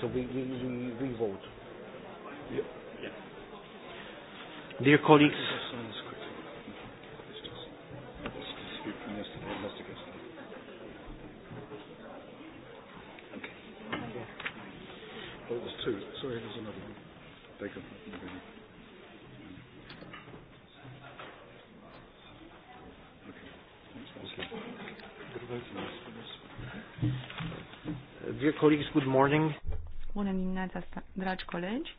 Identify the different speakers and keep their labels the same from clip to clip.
Speaker 1: So we, we, we, we vote. Yeah. Dear colleagues, oh, Dear colleagues, good morning.
Speaker 2: Bună dimineața, dragi colegi!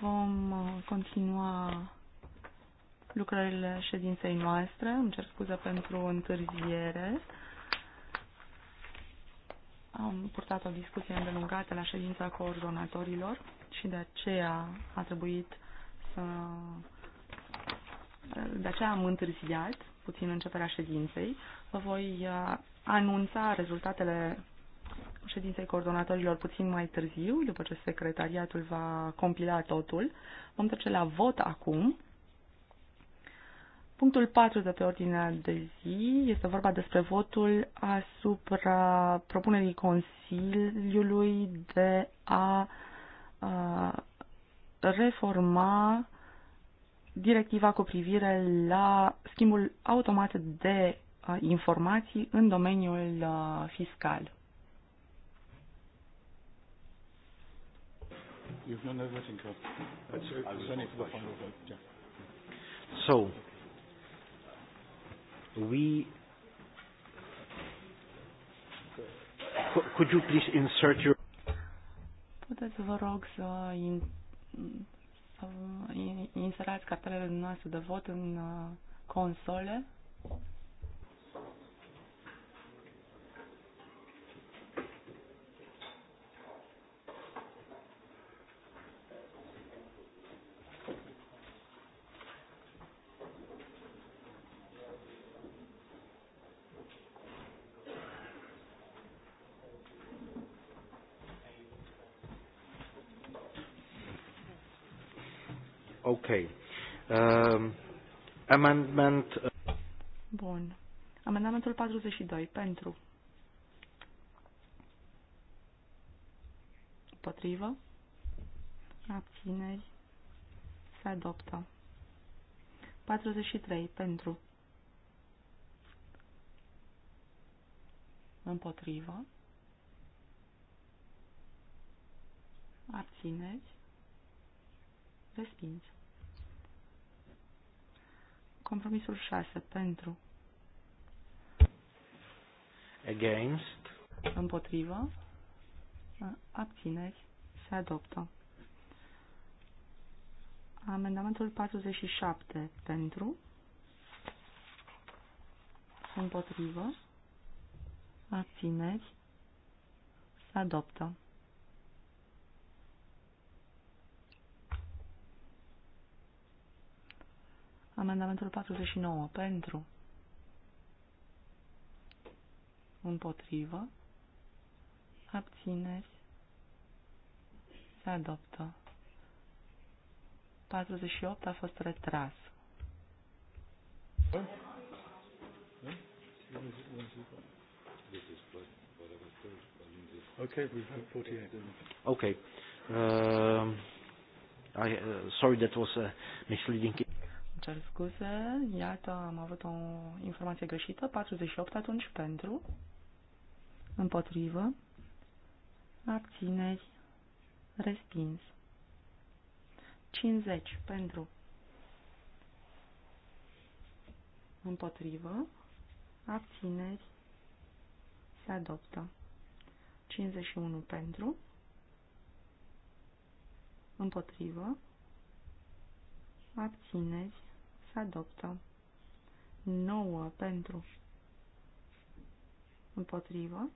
Speaker 2: Vom uh, continua lucrările ședinței noastre. Îmi cer scuze pentru întârziere. Am purtat o discuție îndelungată la ședința coordonatorilor și de aceea a trebuit să de aceea am întârziat puțin începerea ședinței. Vă voi uh, anunța rezultatele ședinței coordonatorilor puțin mai târziu, după ce secretariatul va compila totul. Vom trece la vot acum. Punctul 4 de pe ordinea de zi este vorba despre votul asupra propunerii Consiliului de a, a reforma directiva cu privire la schimbul automat de informații în domeniul uh, fiscal.
Speaker 1: So, we could you please insert your
Speaker 2: Puteți vă rog să, in, să inserați cartelele noastre de vot în uh, console?
Speaker 1: amendment. Uh,
Speaker 2: Bun. Amendamentul 42. Pentru. Împotrivă. Abțineri. Se adoptă. 43. Pentru. Împotrivă. Abțineri. Respins. Compromisul 6 pentru. Against. Împotrivă. Abțineri. Se adoptă. Amendamentul 47 pentru. Împotrivă. Abțineri. Se adoptă. Amendamentul 49 pentru. Împotrivă. Abțineri. Se adoptă. 48 a fost retras.
Speaker 1: Okay, we have 48. Okay. Uh, I, uh, sorry, that was a uh, misleading
Speaker 2: cer scuze. Iată, am avut o informație greșită. 48 atunci pentru. Împotrivă. Abțineri. Respins. 50 pentru. Împotrivă. Abțineri. Se adoptă. 51 pentru. Împotrivă. Abțineri să adoptă. 9 pentru împotrivă.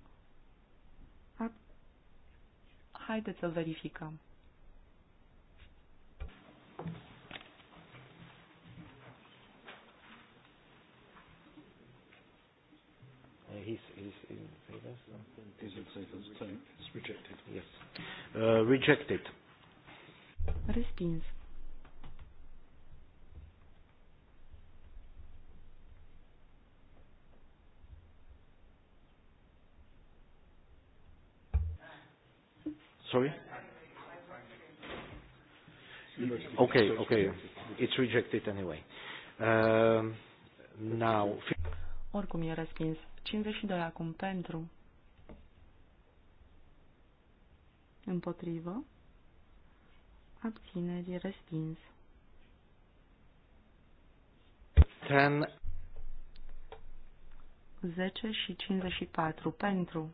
Speaker 2: Haideți să verificăm.
Speaker 1: Uh, he's, rejected. Yes. Uh, rejected. Respins. Sorry? Okay, okay. It's rejected anyway. Uh, now...
Speaker 2: Oricum e respins. 52 acum pentru. Împotrivă. Abțineri respins. 10. 10 și 54 pentru.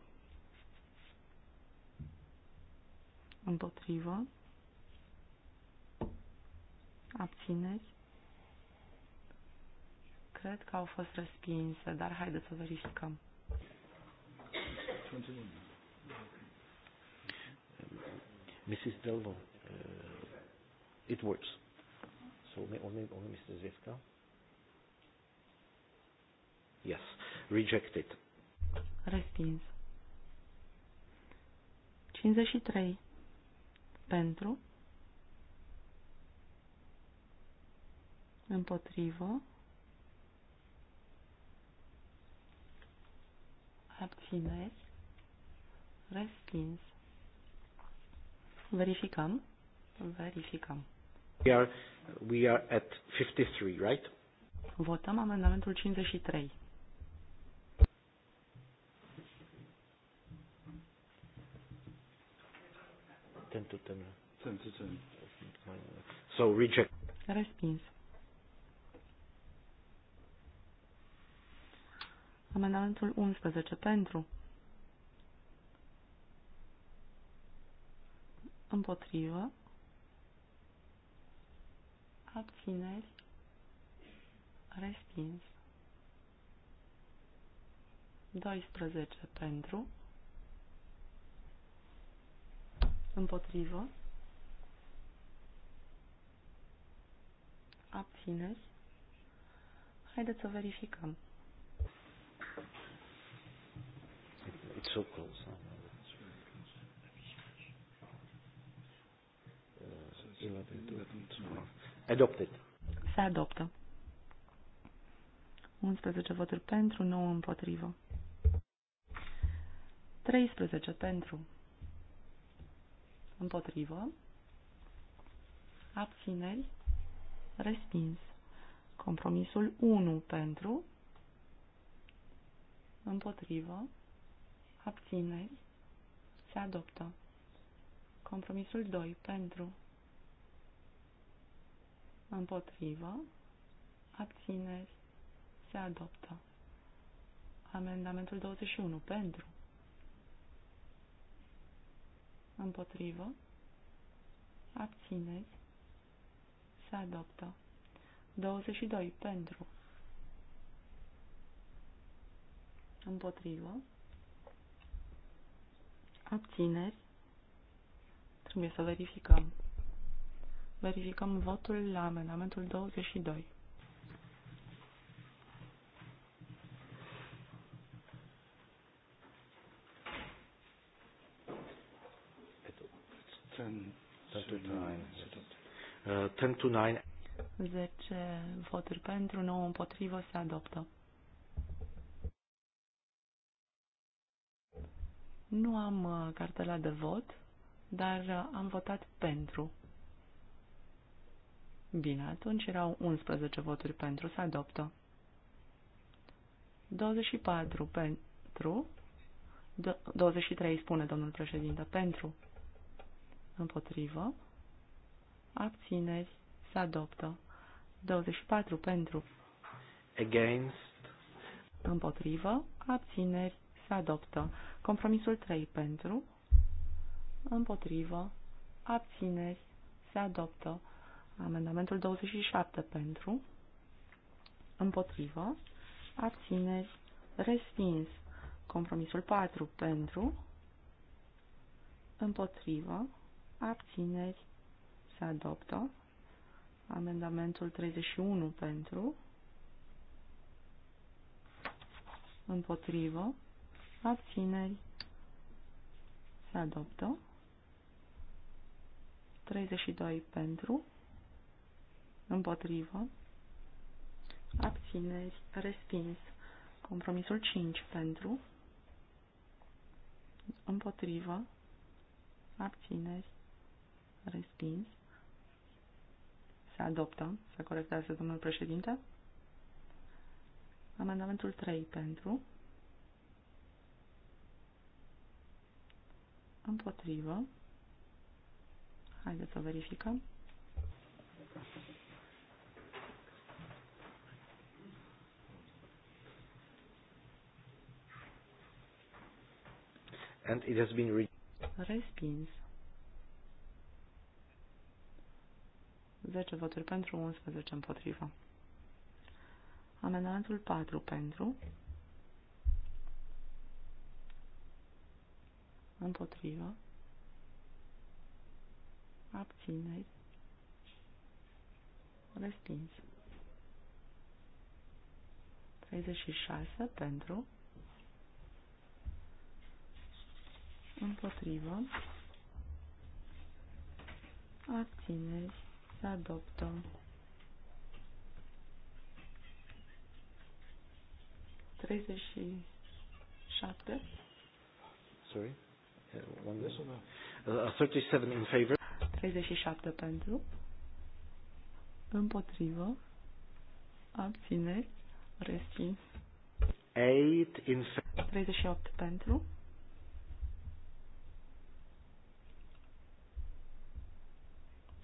Speaker 2: împotrivă, abțineți, Cred că au fost respinse, dar haideți
Speaker 1: să verificăm. Mrs. Delvo, uh, it works. So only, only Mr. Zivka? Yes, rejected. Respins.
Speaker 2: 53 pentru, împotrivă, abțineri, respins. Verificăm, verificăm.
Speaker 1: We are, we are at 53, right?
Speaker 2: Votăm amendamentul 53.
Speaker 1: 10 10. 10 10. So reject. Respins.
Speaker 2: Amendamentul 11 pentru. Împotrivă. Abțineri. Respins. 12 pentru. împotrivă, abțineți, Haideți să verificăm.
Speaker 1: It's so close. Huh? Adopted.
Speaker 2: Se adoptă. 11 voturi pentru, 9 împotrivă. 13 pentru, Împotrivă. Abțineri. Respins. Compromisul 1 pentru. Împotrivă. Abțineri. Se adoptă. Compromisul 2 pentru. Împotrivă. Abțineri. Se adoptă. Amendamentul 21 pentru împotrivă, abțineți, se adoptă. 22 pentru, împotrivă, abțineri, trebuie să verificăm. Verificăm votul la amendamentul 22.
Speaker 1: 10, 10 9.
Speaker 2: voturi pentru, 9 împotrivă, se adoptă. Nu am uh, cartela de vot, dar uh, am votat pentru. Bine, atunci erau 11 voturi pentru, se adoptă. 24 pentru, 23 spune domnul președinte, pentru împotrivă, abțineri, se adoptă. 24 pentru,
Speaker 1: against,
Speaker 2: împotrivă, abțineri, se adoptă. Compromisul 3 pentru, împotrivă, abțineri, se adoptă. Amendamentul 27 pentru, împotrivă, abțineri, respins. Compromisul 4 pentru, împotrivă, abțineri, se adoptă. Amendamentul 31 pentru, împotrivă, abțineri, se adoptă. 32 pentru, împotrivă, abțineri, respins. Compromisul 5 pentru, împotrivă, abțineri, Respins. Se adoptă. Se corectează domnul președinte. Amendamentul 3 pentru. Împotrivă. Haideți să verificăm.
Speaker 1: And it has been re
Speaker 2: respins. 10 voturi pentru, 11 împotrivă. Amendamentul 4 pentru, împotrivă, abțineri, respins. 36 pentru, împotrivă, abțineri, se adoptă. Treizeci și șapte.
Speaker 1: Sorry. Uh, one this or no? 37 in favor.
Speaker 2: 37 pentru. Împotrivă. Abțineri. Respins.
Speaker 1: 8 in
Speaker 2: opt pentru.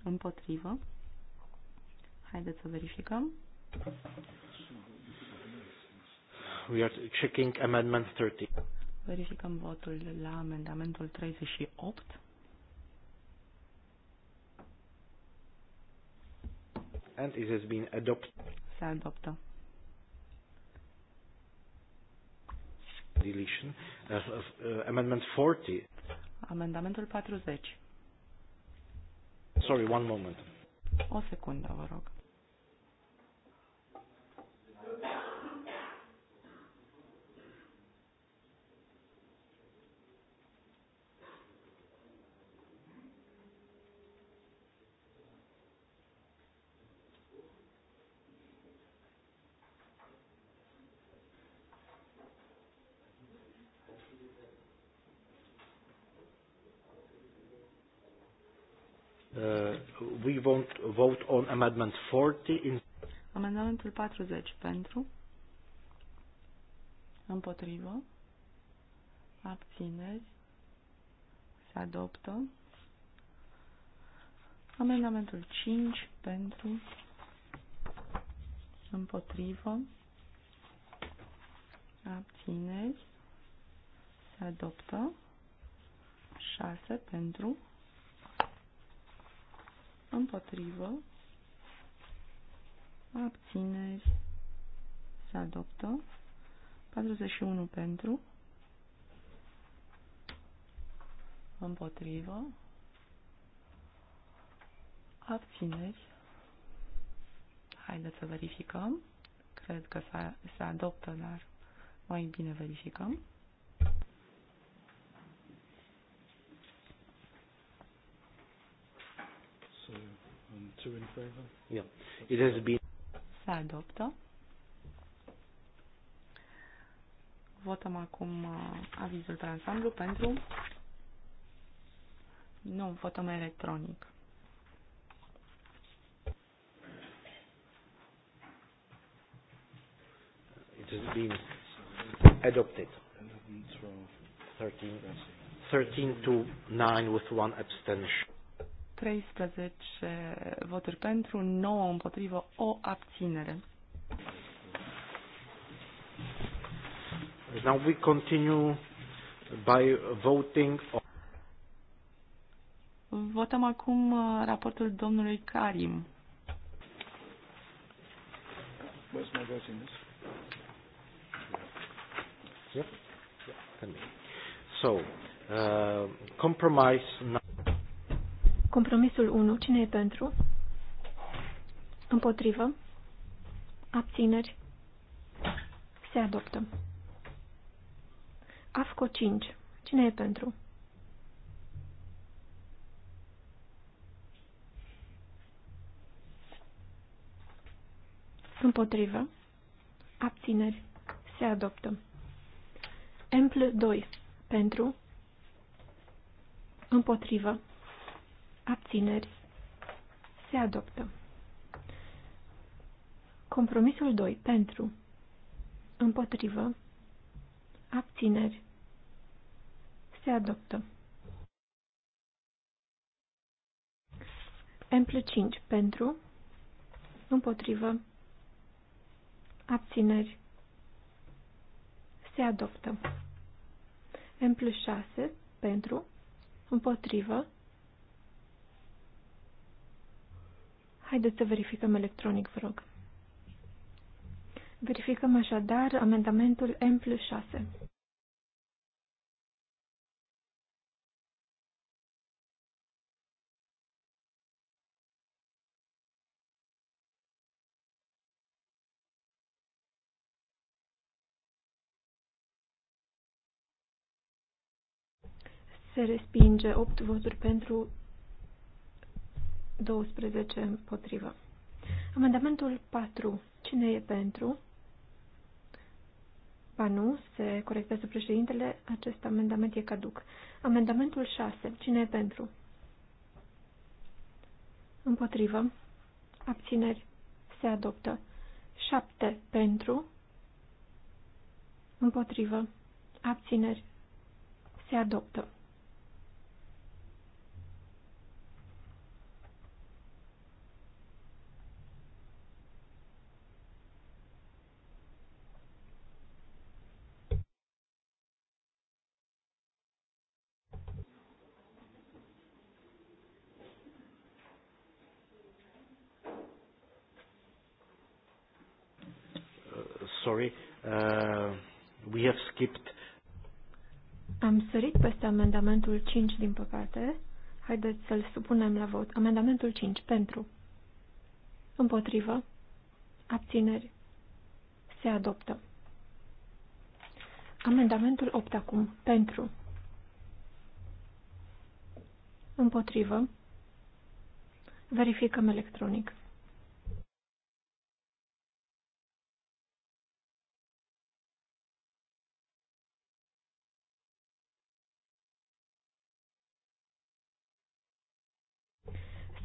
Speaker 2: Împotrivă. Haideți să verificăm.
Speaker 1: We are checking amendment 30.
Speaker 2: Verificăm votul la amendamentul 38.
Speaker 1: And it has been adopted.
Speaker 2: Se adoptă.
Speaker 1: Deletion. Uh, uh, uh amendment 40.
Speaker 2: Amendamentul 40.
Speaker 1: Sorry, one moment.
Speaker 2: O secundă, vă rog. 40 pentru, împotrivă, abțineri, se adoptă. Amendamentul 5 pentru, împotrivă, abțineri, se adoptă. 6 pentru, împotrivă, abțineri, se adoptă. 41 pentru, împotrivă, abțineri. Haideți să verificăm. Cred că se adoptă, dar mai bine verificăm.
Speaker 1: So, um, two in favor? Yeah. It has been
Speaker 2: adoptă. Votăm acum uh, avizul pe ansamblu pentru... Nu, votăm electronic.
Speaker 1: It has been adopted. 13 to 9 with one abstention.
Speaker 2: 13 voturi pentru, 9 împotrivă, o abținere.
Speaker 1: Now we continue by voting on...
Speaker 2: Votăm acum uh, raportul domnului Karim.
Speaker 1: Yep. So, uh, compromise
Speaker 3: Compromisul 1. Cine e pentru? Împotrivă. Abțineri. Se adoptă. AFCO 5. Cine e pentru? Împotrivă. Abțineri. Se adoptă. Empl 2. Pentru. Împotrivă abțineri, se adoptă. Compromisul 2. Pentru. Împotrivă. Abțineri. Se adoptă. Emplu 5. Pentru. Împotrivă. Abțineri. Se adoptă. Emplu 6. Pentru. Împotrivă. Haideți să verificăm electronic, vă rog. Verificăm așadar amendamentul M plus 6. Se respinge 8 voturi pentru 12 împotrivă. Amendamentul 4. Cine e pentru? Ba nu, se corectează președintele, acest amendament e caduc. Amendamentul 6. Cine e pentru? Împotrivă. Abțineri. Se adoptă. 7 pentru. Împotrivă. Abțineri. Se adoptă.
Speaker 1: sorry, uh, we have skipped.
Speaker 3: Am sărit peste amendamentul 5, din păcate. Haideți să-l supunem la vot. Amendamentul 5. Pentru. Împotrivă. Abțineri. Se adoptă. Amendamentul 8 acum. Pentru. Împotrivă. Verificăm electronic.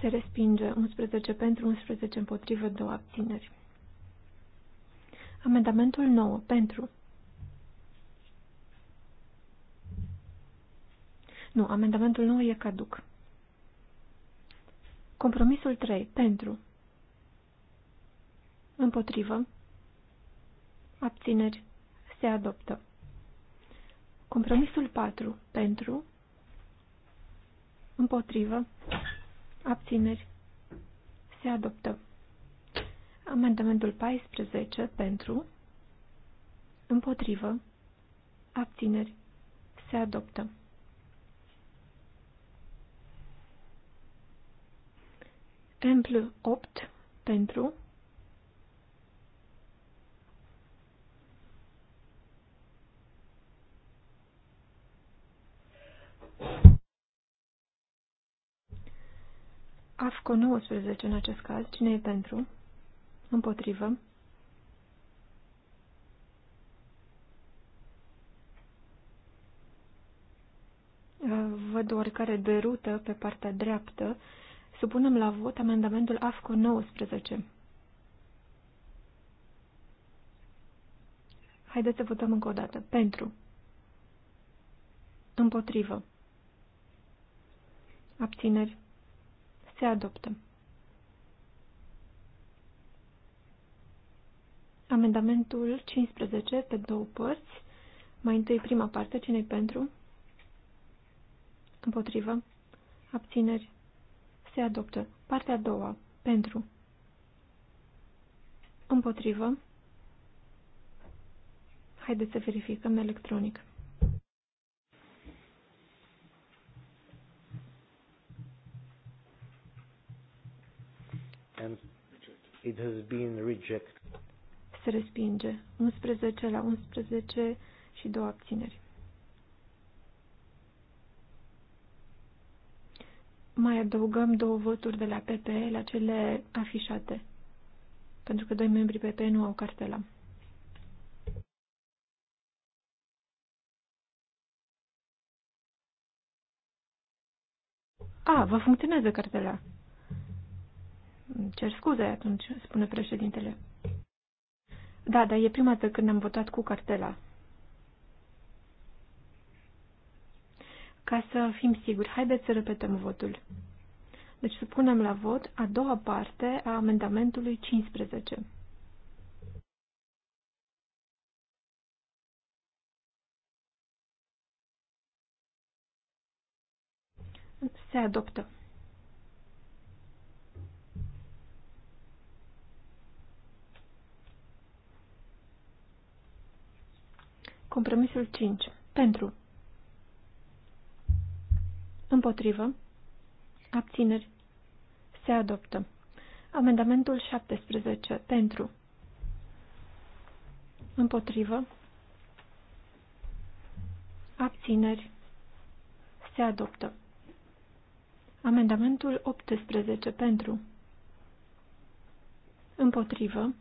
Speaker 3: Se respinge 11 pentru, 11 împotrivă, două abțineri. Amendamentul 9 pentru. Nu, amendamentul 9 e caduc. Compromisul 3 pentru. Împotrivă. Abțineri. Se adoptă. Compromisul 4 pentru. Împotrivă abțineri, se adoptă. Amendamentul 14 pentru, împotrivă, abțineri, se adoptă. Emplu 8 pentru AFCO 19 în acest caz. Cine e pentru? Împotrivă. Uh, văd oricare derută pe partea dreaptă. Supunem la vot amendamentul AFCO 19. Haideți să votăm încă o dată. Pentru. Împotrivă. Abțineri. Se adoptă. Amendamentul 15 pe două părți. Mai întâi prima parte, cine pentru? Împotrivă. Abțineri. Se adoptă. Partea a doua. Pentru. Împotrivă. Haideți să verificăm electronic.
Speaker 1: and it has been rejected.
Speaker 3: Se respinge. 11 la 11 și două abțineri. Mai adăugăm două voturi de la PP la cele afișate, pentru că doi membri PP nu au cartela. A, vă funcționează cartela cer scuze atunci, spune președintele. Da, dar e prima dată când am votat cu cartela. Ca să fim siguri, haideți să repetăm votul. Deci supunem la vot a doua parte a amendamentului 15. Se adoptă. Compromisul 5. Pentru. Împotrivă. Abțineri. Se adoptă. Amendamentul 17. Pentru. Împotrivă. Abțineri. Se adoptă. Amendamentul 18. Pentru. Împotrivă.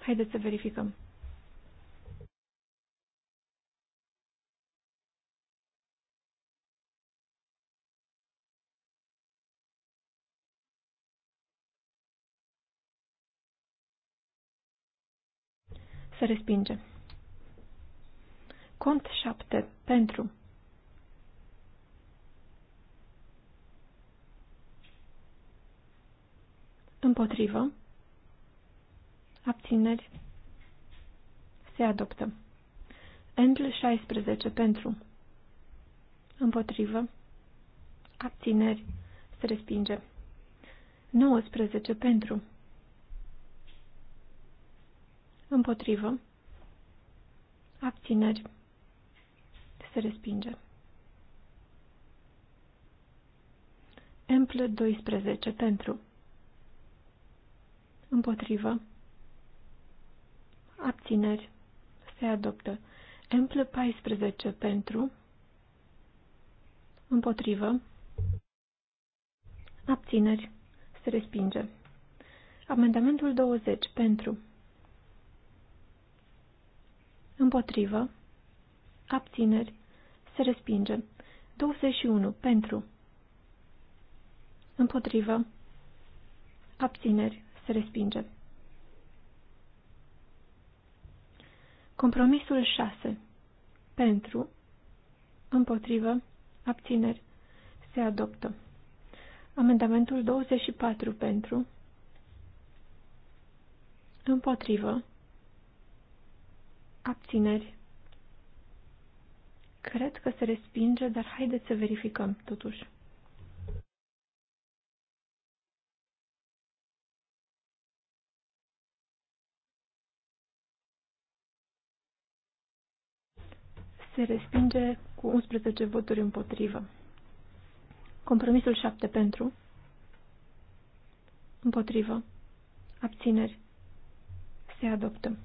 Speaker 3: Haideți să verificăm. Se respinge. Cont 7. Pentru. Împotrivă. Abțineri. Se adoptă. Endl 16. Pentru. Împotrivă. Abțineri. Se respinge. 19. Pentru. Împotrivă. Abțineri. Se respinge. Emple 12 pentru. Împotrivă. Abțineri. Se adoptă. Emple 14 pentru. Împotrivă. Abțineri. Se respinge. Amendamentul 20 pentru împotrivă, abțineri, se respinge. 21. Pentru, împotrivă, abțineri, se respinge. Compromisul 6. Pentru, împotrivă, abțineri, se adoptă. Amendamentul 24 pentru, împotrivă, Abțineri. Cred că se respinge, dar haideți să verificăm totuși. Se respinge cu 11 voturi împotrivă. Compromisul 7 pentru. Împotrivă. Abțineri. Se adoptă.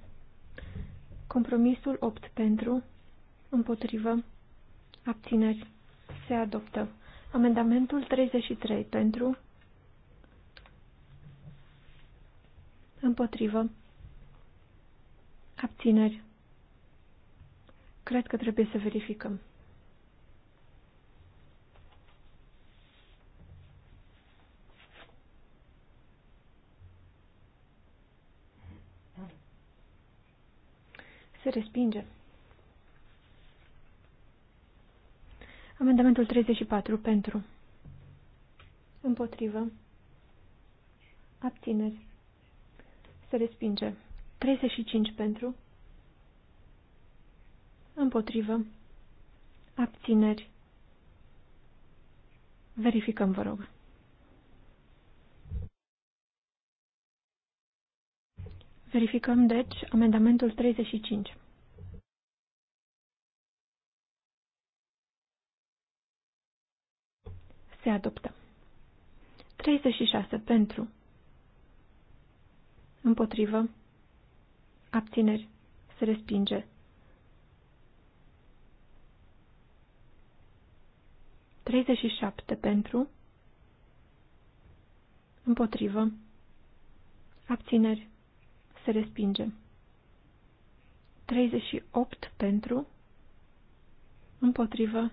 Speaker 3: Compromisul 8 pentru, împotrivă, abțineri, se adoptă. Amendamentul 33 pentru, împotrivă, abțineri. Cred că trebuie să verificăm. respinge. Amendamentul 34 pentru. Împotrivă. Abțineri. Se respinge. 35 pentru. Împotrivă. Abțineri. Verificăm, vă rog. Verificăm, deci, amendamentul 35. se adoptă. 36 pentru, împotrivă, abțineri, se respinge. 37 pentru, împotrivă, abțineri, se respinge. 38 pentru, împotrivă,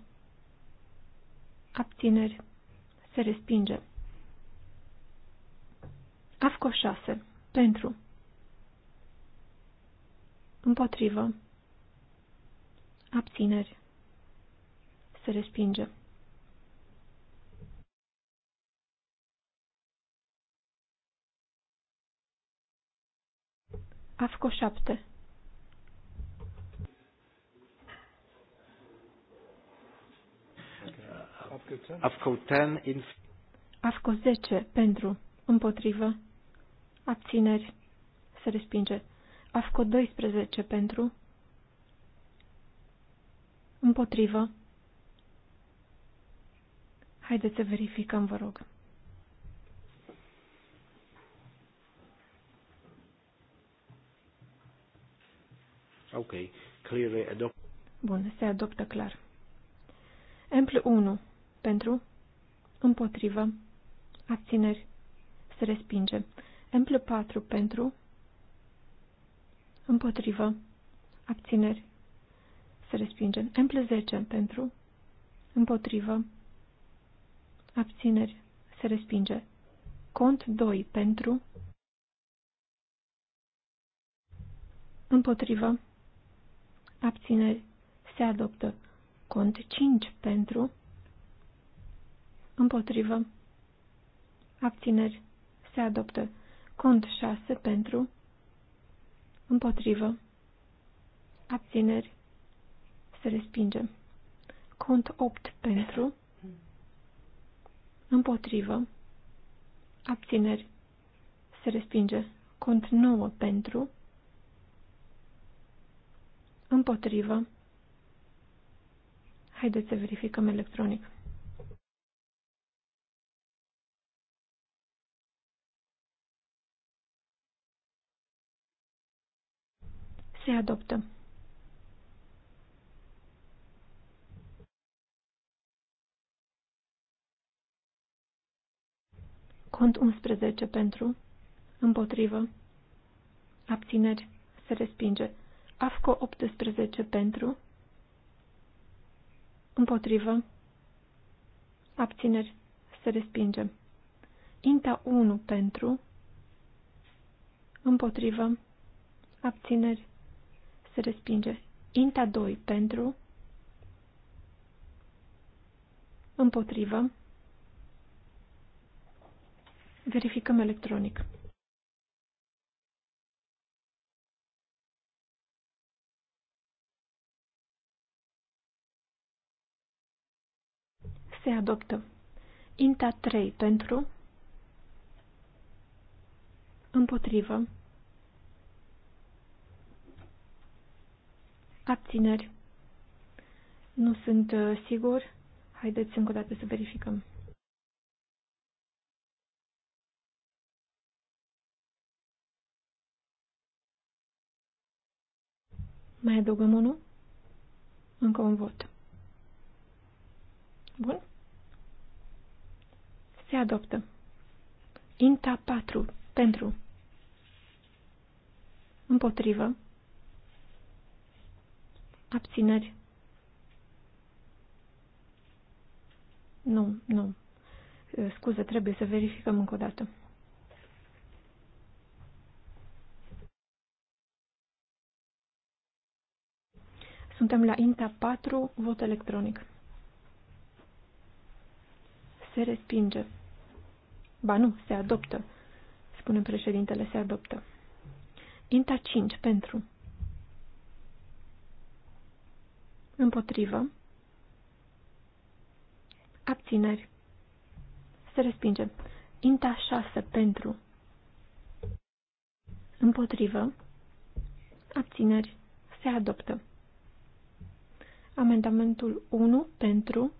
Speaker 3: abțineri, se respinge. AFCO 6. Pentru. Împotrivă. Abțineri. Se respinge. AFCO 7.
Speaker 1: AFCO 10 in...
Speaker 3: 10 pentru, împotrivă, abțineri, se respinge. AFCO 12 pentru, împotrivă. Haideți să verificăm, vă rog.
Speaker 1: Ok, clearly adopt.
Speaker 3: Bun, se adoptă clar. Emplu 1 pentru. Împotrivă. Abțineri. Se respinge. plus 4 pentru. Împotrivă. Abțineri. Se respinge. plus 10 pentru. Împotrivă. Abțineri. Se respinge. Cont 2 pentru. Împotrivă. Abțineri. Se adoptă. Cont 5 pentru. Împotrivă. Abțineri. Se adoptă. Cont 6 pentru. Împotrivă. Abțineri. Se respinge. Cont 8 pentru. Împotrivă. Abțineri. Se respinge. Cont 9 pentru. Împotrivă. Haideți să verificăm electronic. Se adoptă. Cont 11 pentru, împotrivă, abțineri, se respinge. AFCO 18 pentru, împotrivă, abțineri, se respinge. INTA 1 pentru, împotrivă, abțineri, se respinge. Inta 2 pentru, împotrivă, verificăm electronic. Se adoptă. Inta 3 pentru, împotrivă, Abțineri. Nu sunt uh, sigur. Haideți încă o dată să verificăm. Mai adăugăm unul? Încă un vot. Bun. Se adoptă. Inta 4. Pentru. Împotrivă. Abțineri. Nu, nu. Scuze, trebuie să verificăm încă o dată. Suntem la INTA 4, vot electronic. Se respinge. Ba nu, se adoptă, spune președintele, se adoptă. INTA 5, pentru. Împotrivă. Abțineri. Se respinge. Inta 6 pentru. Împotrivă. Abțineri. Se adoptă. Amendamentul 1 pentru.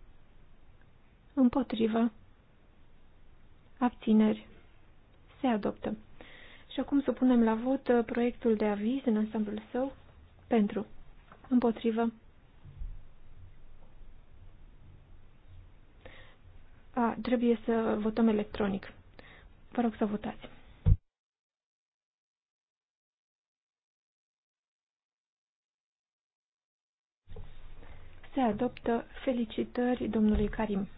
Speaker 3: Împotrivă. Abțineri. Se adoptă. Și acum supunem la vot proiectul de aviz în ansamblul său pentru. Împotrivă. A, trebuie să votăm electronic. Vă rog să votați. Se adoptă felicitări domnului Karim.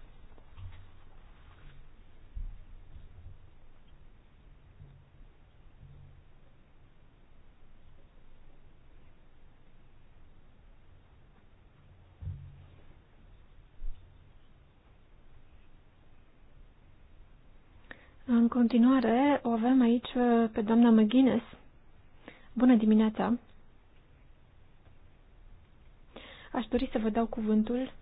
Speaker 3: continuare o avem aici uh, pe doamna McGuinness. Bună dimineața! Aș dori să vă dau cuvântul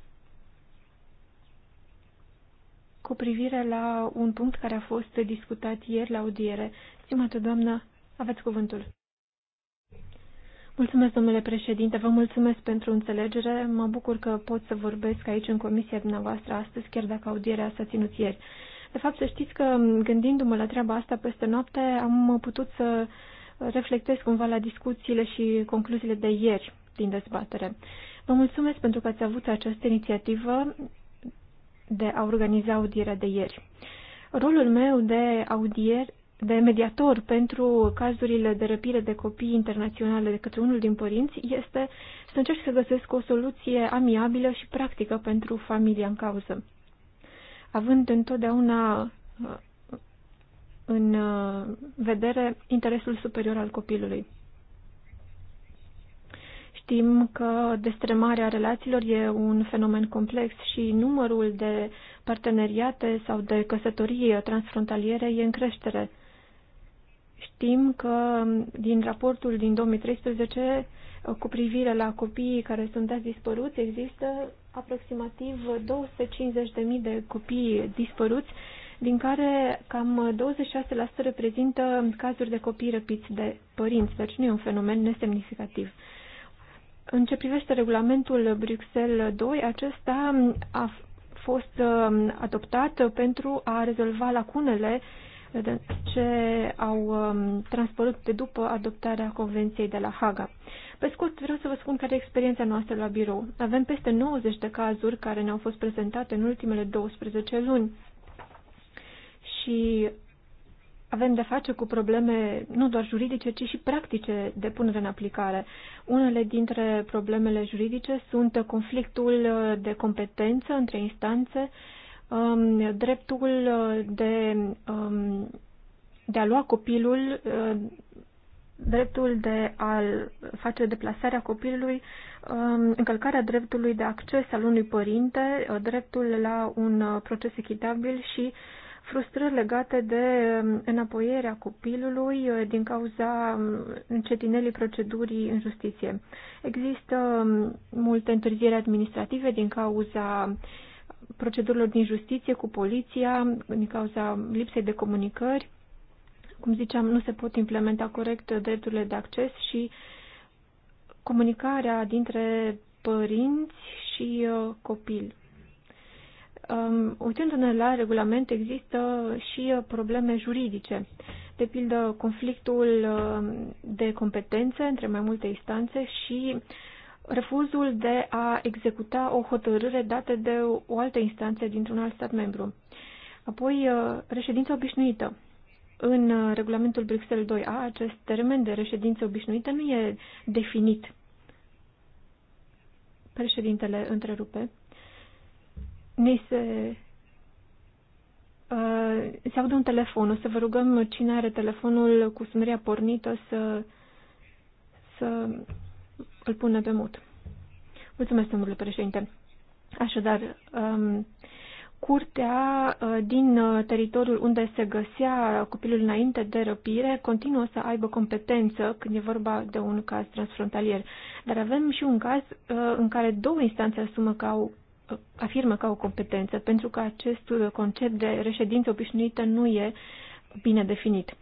Speaker 3: cu privire la un punct care a fost discutat ieri la audiere. Stimată doamnă, aveți cuvântul. Mulțumesc, domnule președinte, vă mulțumesc pentru înțelegere. Mă bucur că pot să vorbesc aici în comisia dumneavoastră astăzi, chiar dacă audierea s-a ținut ieri. De fapt, să știți că gândindu-mă la treaba asta peste noapte, am putut să reflectez cumva la discuțiile și concluziile de ieri din dezbatere. Vă mulțumesc pentru că ați avut această inițiativă de a organiza audierea de ieri. Rolul meu de audier, de mediator pentru cazurile de răpire de copii internaționale de către unul din părinți este să încerc să găsesc o soluție amiabilă și practică pentru familia în cauză având întotdeauna uh, în uh, vedere interesul superior al copilului. Știm că destrămarea relațiilor e un fenomen complex și numărul de parteneriate sau de căsătorii transfrontaliere e în creștere. Știm că din raportul din 2013 cu privire la copiii care sunt dați dispăruți există aproximativ 250.000 de copii dispăruți, din care cam 26% reprezintă cazuri de copii răpiți de părinți, deci nu e un fenomen nesemnificativ. În ce privește regulamentul Bruxelles 2, acesta a fost um, adoptat pentru a rezolva lacunele ce au um, transpărut de după adoptarea Convenției de la Haga. Pe scurt, vreau să vă spun care e experiența noastră la birou. Avem peste 90 de cazuri care ne-au fost prezentate în ultimele 12 luni și avem de face cu probleme nu doar juridice, ci și practice de punere în aplicare. Unele dintre problemele juridice sunt conflictul de competență între instanțe, uh, um, dreptul uh, de, um, de a lua copilul, uh, dreptul de a face deplasarea copilului, um, încălcarea dreptului de acces al unui părinte, uh, dreptul la un uh, proces echitabil și frustrări legate de um, înapoierea copilului din cauza um, încetinelii procedurii în justiție. Există um, multe întârzieri administrative din cauza procedurilor din justiție cu poliția din cauza lipsei de comunicări. Cum ziceam, nu se pot implementa corect drepturile de acces și comunicarea dintre părinți și uh, copil. Um, uitându-ne la regulament, există și uh, probleme juridice. De pildă, conflictul uh, de competențe între mai multe instanțe și uh, refuzul de a executa o hotărâre dată de o altă instanță dintr-un alt stat membru. Apoi, uh, reședința obișnuită. În uh, regulamentul Bruxelles 2A, acest termen de reședință obișnuită nu e definit. Președintele întrerupe. Ni se... Uh, se aude un telefon. O să vă rugăm cine are telefonul cu sunerea pornită să, să îl pune pe mut. Mulțumesc, domnule președinte. Așadar, um, curtea uh, din uh, teritoriul unde se găsea copilul înainte de răpire continuă să aibă competență când e vorba de un caz transfrontalier. Dar avem și un caz uh, în care două instanțe asumă că au afirmă că au competență, pentru că acest concept de reședință obișnuită nu e bine definit.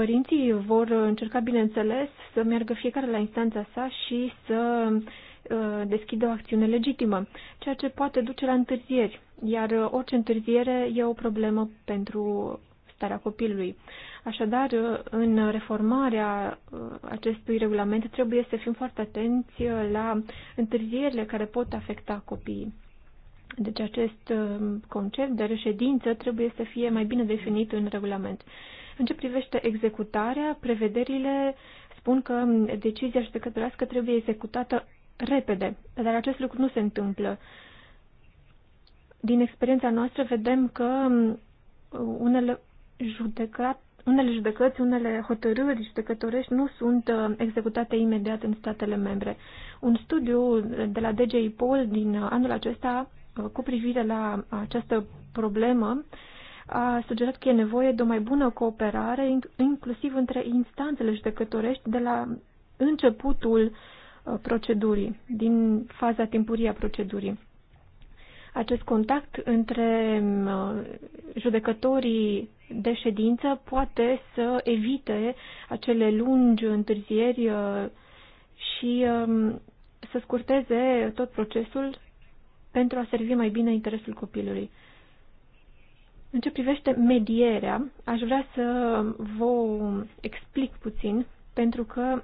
Speaker 3: Părinții vor încerca, bineînțeles, să meargă fiecare la instanța sa și să uh, deschidă o acțiune legitimă, ceea ce poate duce la întârzieri, iar orice întârziere e o problemă pentru starea copilului. Așadar, în reformarea uh, acestui regulament trebuie să fim foarte atenți uh, la întârzierile care pot afecta copiii. Deci acest concept de reședință trebuie să fie mai bine definit în regulament. În ce privește executarea, prevederile spun că decizia judecătorească trebuie executată repede, dar acest lucru nu se întâmplă. Din experiența noastră vedem că um, unele, judecat, unele judecăți, unele hotărâri judecătorești nu sunt uh, executate imediat în statele membre. Un studiu de la DJI Pol din uh, anul acesta uh, cu privire la această problemă a sugerat că e nevoie de o mai bună cooperare, inclusiv între instanțele judecătorești, de la începutul uh, procedurii, din faza timpurie a procedurii. Acest contact între uh, judecătorii de ședință poate să evite acele lungi întârzieri uh, și um, să scurteze tot procesul pentru a servi mai bine interesul copilului. În ce privește medierea, aș vrea să vă explic puțin, pentru că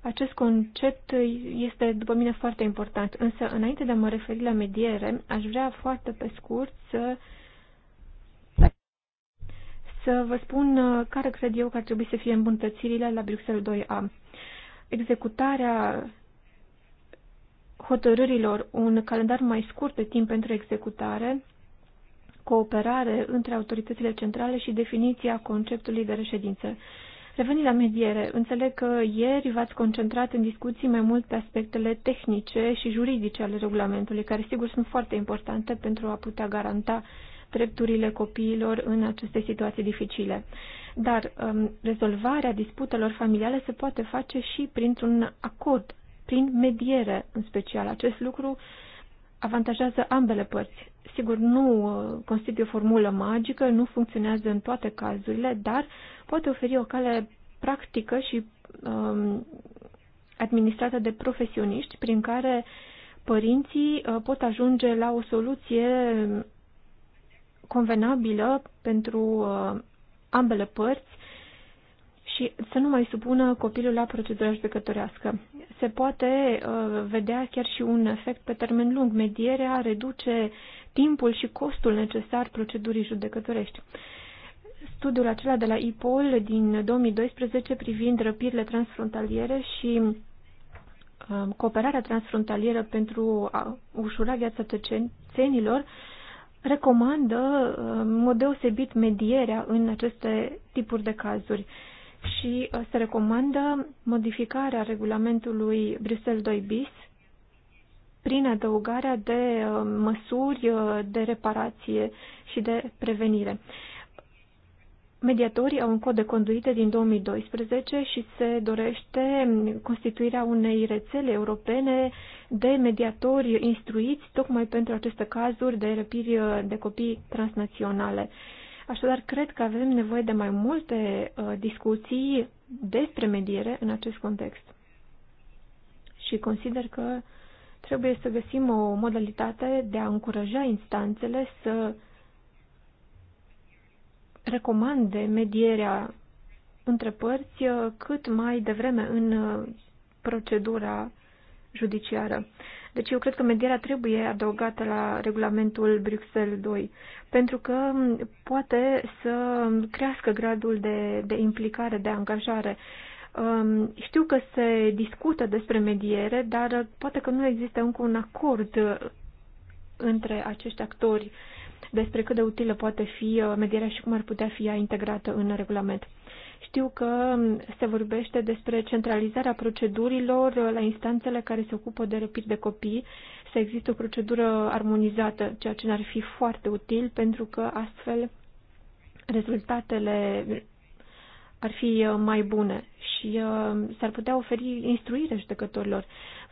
Speaker 3: acest concept este, după mine, foarte important. Însă, înainte de a mă referi la mediere, aș vrea foarte pe scurt să, să vă spun care cred eu că ar trebui să fie îmbunătățirile la Bruxelles 2A. Executarea hotărârilor, un calendar mai scurt de timp pentru executare, cooperare între autoritățile centrale și definiția conceptului de reședință. Revenind la mediere, înțeleg că ieri v-ați concentrat în discuții mai mult pe aspectele tehnice și juridice ale regulamentului, care sigur sunt foarte importante pentru a putea garanta drepturile copiilor în aceste situații dificile. Dar um, rezolvarea disputelor familiale se poate face și printr-un acord, prin mediere în special. Acest lucru uh, avantajează ambele părți. Sigur, nu uh, constituie o formulă magică, nu funcționează în toate cazurile, dar poate oferi o cale practică și um, administrată de profesioniști prin care părinții uh, pot ajunge la o soluție convenabilă pentru uh, ambele părți și să nu mai supună copilul la procedura judecătorească. Se poate uh, vedea chiar și un efect pe termen lung. Medierea reduce timpul și costul necesar procedurii judecătorești. Studiul acela de la IPOL din 2012 privind răpirile transfrontaliere și uh, cooperarea transfrontalieră pentru a ușura viața tăcenilor recomandă uh, în mod deosebit medierea în aceste tipuri de cazuri și uh, se recomandă modificarea regulamentului Bruxelles 2 bis prin adăugarea de uh, măsuri uh, de reparație și de prevenire. Mediatorii au un cod de conduită din 2012 și se dorește constituirea unei rețele europene de mediatori instruiți tocmai pentru aceste cazuri de răpiri de copii transnaționale. Așadar, cred că avem nevoie de mai multe uh, discuții despre mediere în acest context. Și consider că trebuie să găsim o modalitate de a încuraja instanțele să recomande medierea între părți uh, cât mai devreme în uh, procedura judiciară. Deci eu cred că medierea trebuie adăugată la regulamentul Bruxelles 2, pentru că poate să crească gradul de, de implicare, de angajare. Um, știu că se discută despre mediere, dar poate că nu există încă un acord între acești actori despre cât de utilă poate fi uh, medierea și cum ar putea fi ea integrată în regulament. Știu că se vorbește despre centralizarea procedurilor la instanțele care se ocupă de răpiri de copii, să există o procedură armonizată, ceea ce ar fi foarte util pentru că astfel rezultatele ar fi uh, mai bune și uh, s-ar putea oferi instruire judecătorilor.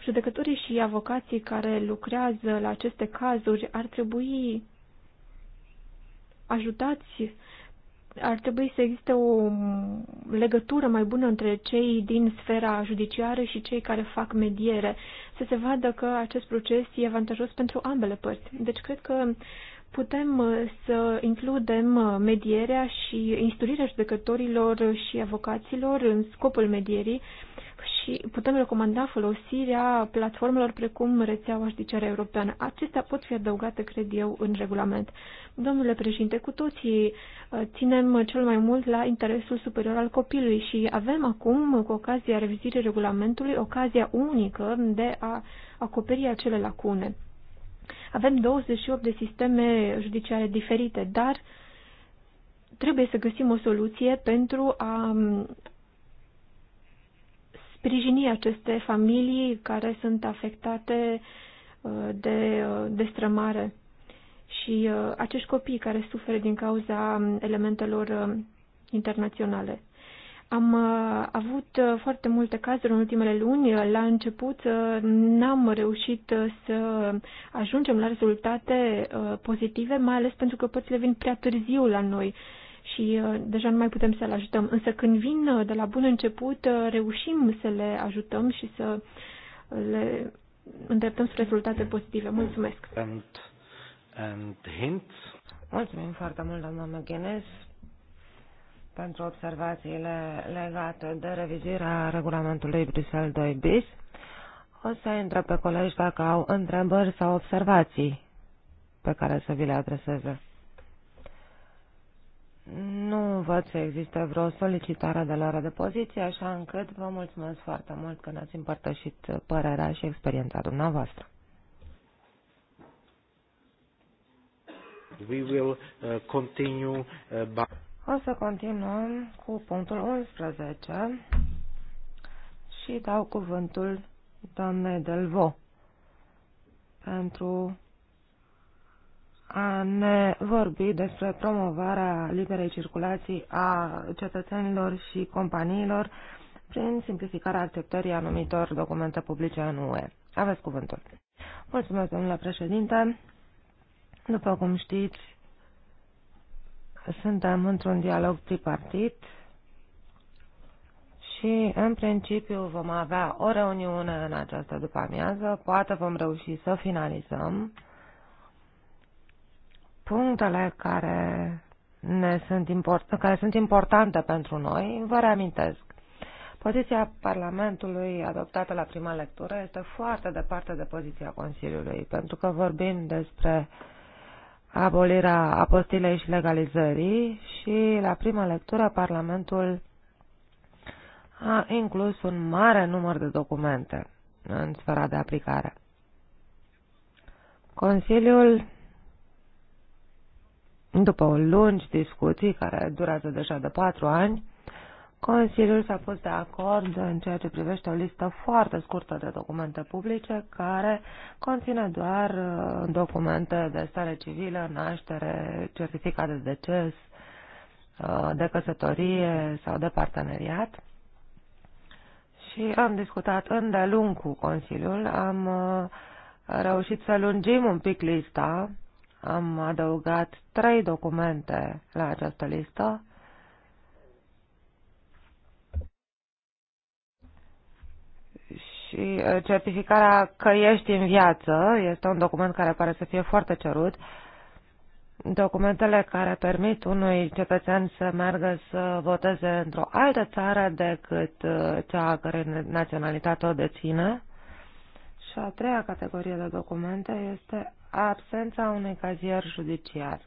Speaker 3: Judecătorii și avocații care lucrează la aceste cazuri ar trebui ajutați ar trebui să existe o legătură mai bună între cei din sfera judiciară și cei care fac mediere, să se vadă că acest proces e avantajos pentru ambele părți. Deci cred că putem uh, să includem uh, medierea și instruirea judecătorilor și avocaților în scopul medierii și putem recomanda folosirea platformelor precum rețeaua judiciară europeană. Acestea pot fi adăugate, cred eu, în regulament. Domnule președinte, cu toții uh, ținem cel mai mult la interesul superior al copilului și avem acum, cu ocazia revizirii regulamentului, ocazia unică de a acoperi acele lacune. Avem 28 de sisteme judiciare diferite, dar trebuie să găsim o soluție pentru a sprijini aceste familii care sunt afectate uh, de uh, destrămare și uh, acești copii care suferă din cauza um, elementelor um, internaționale. Am avut foarte multe cazuri în ultimele luni. La început n-am reușit să ajungem la rezultate pozitive, mai ales pentru că părțile vin prea târziu la noi și uh, deja nu mai putem să le ajutăm. Însă când vin uh, de la bun început, uh, reușim să le ajutăm și să le îndreptăm spre rezultate pozitive. Mulțumesc!
Speaker 1: And,
Speaker 4: and hint. Mulțumim foarte mult, doamna McGuinness, pentru observațiile legate de revizirea regulamentului Bruxelles 2 bis. O să intră pe colegi dacă au întrebări sau observații pe care să vi le adreseze. Nu văd să existe vreo solicitare de luare de poziție, așa încât vă mulțumesc foarte mult că ne-ați împărtășit părerea și experiența dumneavoastră.
Speaker 1: We will uh, continue uh, by... O să continuăm
Speaker 4: cu punctul 11 și dau cuvântul doamnei Delvo pentru a ne vorbi despre promovarea liberei circulații a cetățenilor și companiilor prin simplificarea acceptării anumitor documente publice în UE. Aveți cuvântul. Mulțumesc, domnule președinte. După cum știți, suntem într-un dialog tripartit și, în principiu, vom avea o reuniune în această după-amiază. Poate vom reuși să finalizăm punctele care, ne sunt import- care sunt importante pentru noi, vă reamintesc. Poziția Parlamentului adoptată la prima lectură este foarte departe de poziția Consiliului, pentru că vorbim despre abolirea apostilei și legalizării și la prima lectură Parlamentul a inclus un mare număr de documente în sfera de aplicare. Consiliul după lungi discuții, care durează deja de patru ani, Consiliul s-a pus de acord în ceea ce privește o listă foarte scurtă de documente publice care conține doar uh, documente de stare civilă, naștere, certificat de deces, uh, de căsătorie sau de parteneriat. Și am discutat îndelung cu Consiliul, am uh, reușit să lungim un pic lista am adăugat trei documente la această listă. Și uh, certificarea că ești în viață este un document care pare să fie foarte cerut. Documentele care permit unui cetățean să meargă să voteze într-o altă țară decât uh, cea a cărei naționalitate o deține. Și a treia categorie de documente este absența unui cazier judiciar.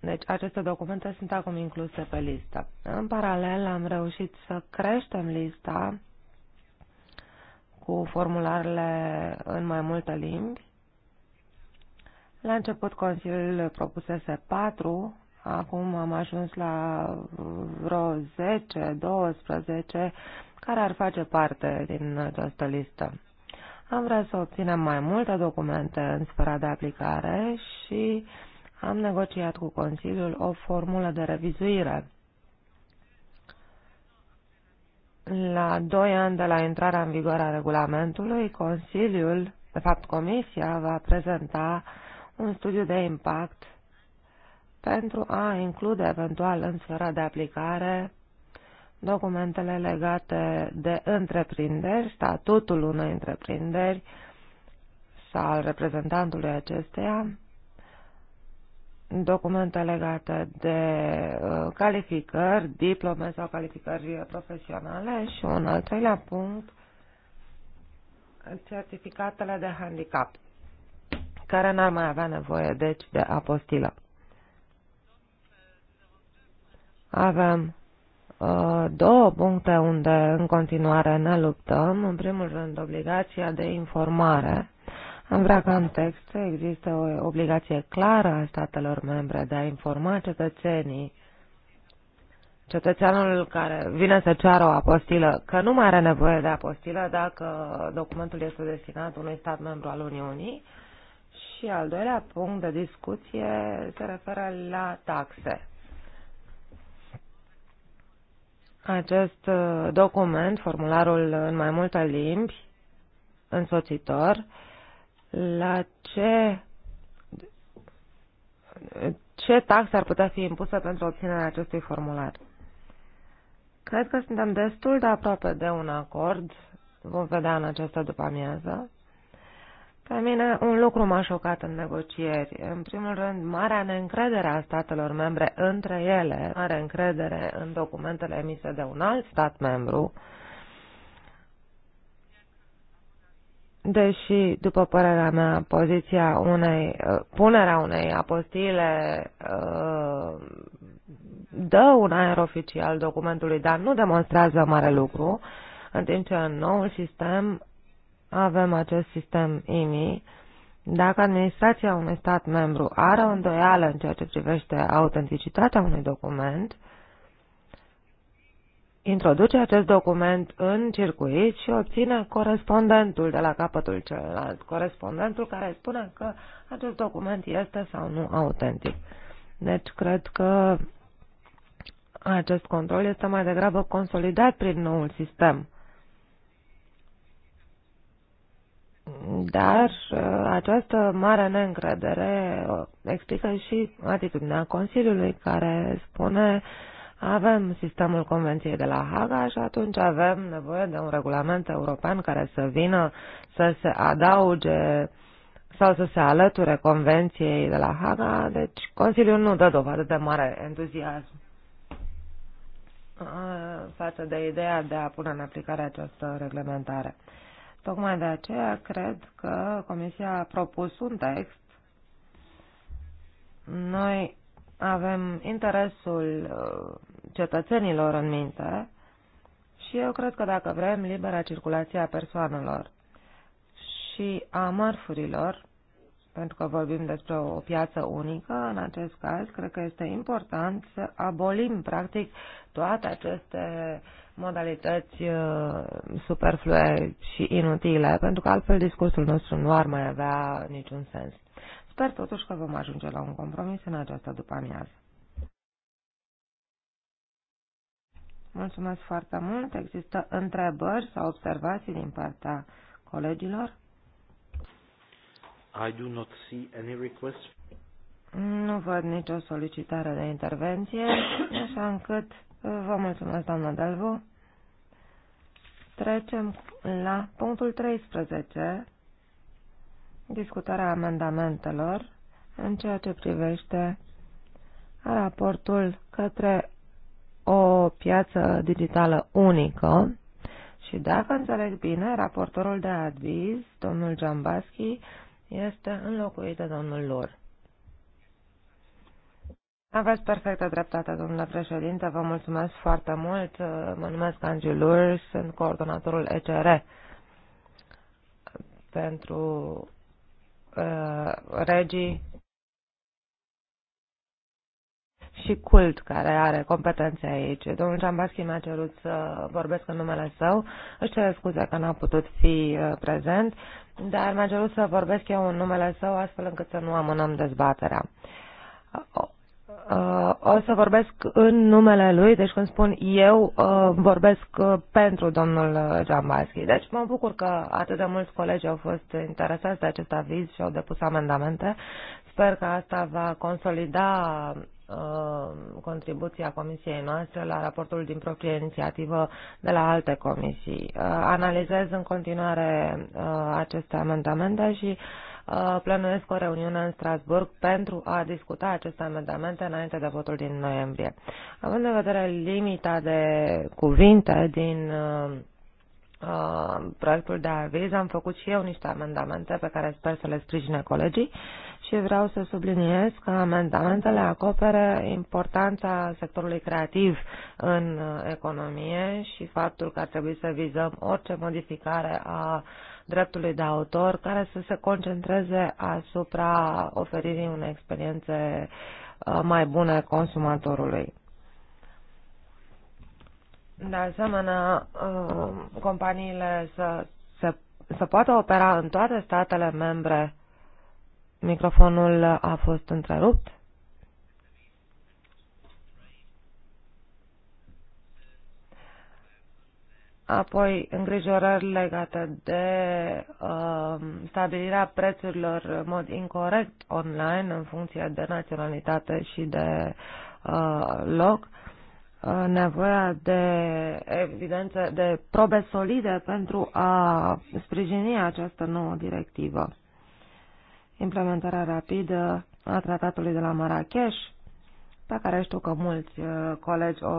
Speaker 4: Deci aceste documente sunt acum incluse pe listă. În paralel am reușit să creștem lista cu formularele în mai multe limbi. La început Consiliul propusese 4, acum am ajuns la vreo 10-12 care ar face parte din această listă. Am vrea să obținem mai multe documente în sfera de aplicare și am negociat cu Consiliul o formulă de revizuire. La doi ani de la intrarea în vigoare a regulamentului, Consiliul, de fapt Comisia, va prezenta un studiu de impact pentru a include eventual în sfera de aplicare documentele legate de întreprinderi, statutul unei întreprinderi sau al reprezentantului acesteia, documente legate de uh, calificări, diplome sau calificări profesionale și un al treilea punct, certificatele de handicap, care n-ar mai avea nevoie, deci, de apostilă. Avem Uh, două puncte unde în continuare ne luptăm. În primul rând, obligația de informare. Am vrea ca în text să existe o obligație clară a statelor membre de a informa cetățenii cetățeanul care vine să ceară o apostilă, că nu mai are nevoie de apostilă dacă documentul este destinat unui stat membru al Uniunii. Și al doilea punct de discuție se referă la taxe. acest uh, document, formularul în mai multe limbi, însoțitor, la ce, ce taxe ar putea fi impusă pentru obținerea acestui formular. Cred că suntem destul de aproape de un acord, vom vedea în această după amiază. Pe mine un lucru m-a șocat în negocieri. În primul rând, marea neîncredere a statelor membre între ele, mare încredere în documentele emise de un alt stat membru, deși, după părerea mea, poziția unei, uh, punerea unei apostile uh, dă un aer oficial documentului, dar nu demonstrează mare lucru, în timp ce în noul sistem avem acest sistem IMI, dacă administrația unui stat membru are o îndoială în ceea ce privește autenticitatea unui document, introduce acest document în circuit și obține corespondentul de la capătul celălalt, corespondentul care spune că acest document este sau nu autentic. Deci cred că acest control este mai degrabă consolidat prin noul sistem Dar uh, această mare neîncredere explică și atitudinea Consiliului care spune avem sistemul Convenției de la Haga și atunci avem nevoie de un regulament european care să vină să se adauge sau să se alăture Convenției de la Haga, deci Consiliul nu dă dovadă de mare entuziasm uh, față de ideea de a pune în aplicare această reglementare. Tocmai de aceea cred că Comisia a propus un text. Noi avem interesul uh, cetățenilor în minte și eu cred că dacă vrem libera circulație a persoanelor și a mărfurilor, pentru că vorbim despre o piață unică, în acest caz cred că este important să abolim practic toate aceste modalități uh, superflue și inutile, pentru că altfel discursul nostru nu ar mai avea niciun sens. Sper totuși că vom ajunge la un compromis în această după-amiază. Mulțumesc foarte mult. Există întrebări sau observații din partea colegilor?
Speaker 1: I do not see any request.
Speaker 4: Nu văd nicio solicitare de intervenție, așa încât Vă mulțumesc, doamna Delvo. Trecem la punctul 13, discutarea amendamentelor în ceea ce privește raportul către o piață digitală unică și dacă înțeleg bine, raportorul de aviz, domnul Giambaschi, este înlocuit de domnul Lor. Aveți perfectă dreptate, domnule președinte. Vă mulțumesc foarte mult. Mă numesc Angelur, sunt coordonatorul ECR pentru uh, regii și cult care are competențe aici. Domnul Ciambaschi mi-a cerut să vorbesc în numele său. Își cer scuze că n-a putut fi uh, prezent, dar mi-a cerut să vorbesc eu în numele său astfel încât să nu amânăm dezbaterea uh, o să vorbesc în numele lui, deci când spun eu, uh, vorbesc uh, pentru domnul uh, Jambaschi. Deci mă bucur că atât de mulți colegi au fost interesați de acest aviz și au depus amendamente. Sper că asta va consolida uh, contribuția comisiei noastre la raportul din proprie inițiativă de la alte comisii. Uh, analizez în continuare aceste amendamente și Uh, planuiesc o reuniune în Strasburg pentru a discuta aceste amendamente înainte de votul din noiembrie. Având în vedere limita de cuvinte din uh, uh, proiectul de aviz, am făcut și eu niște amendamente pe care sper să le sprijine colegii și vreau să subliniez că amendamentele acopere importanța sectorului creativ în economie și faptul că ar trebui să vizăm orice modificare a uh, dreptului de autor care să se concentreze asupra oferirii unei experiențe uh, mai bune consumatorului. De asemenea, uh, companiile să, să, să poată opera în toate statele membre. Microfonul a fost întrerupt. Apoi, îngrijorări legate de uh, stabilirea prețurilor în mod incorrect online în funcție de naționalitate și de uh, loc. Uh, nevoia de evidențe, de probe solide pentru a sprijini această nouă directivă. Implementarea rapidă a tratatului de la Marrakesh pe care știu că mulți uh, colegi o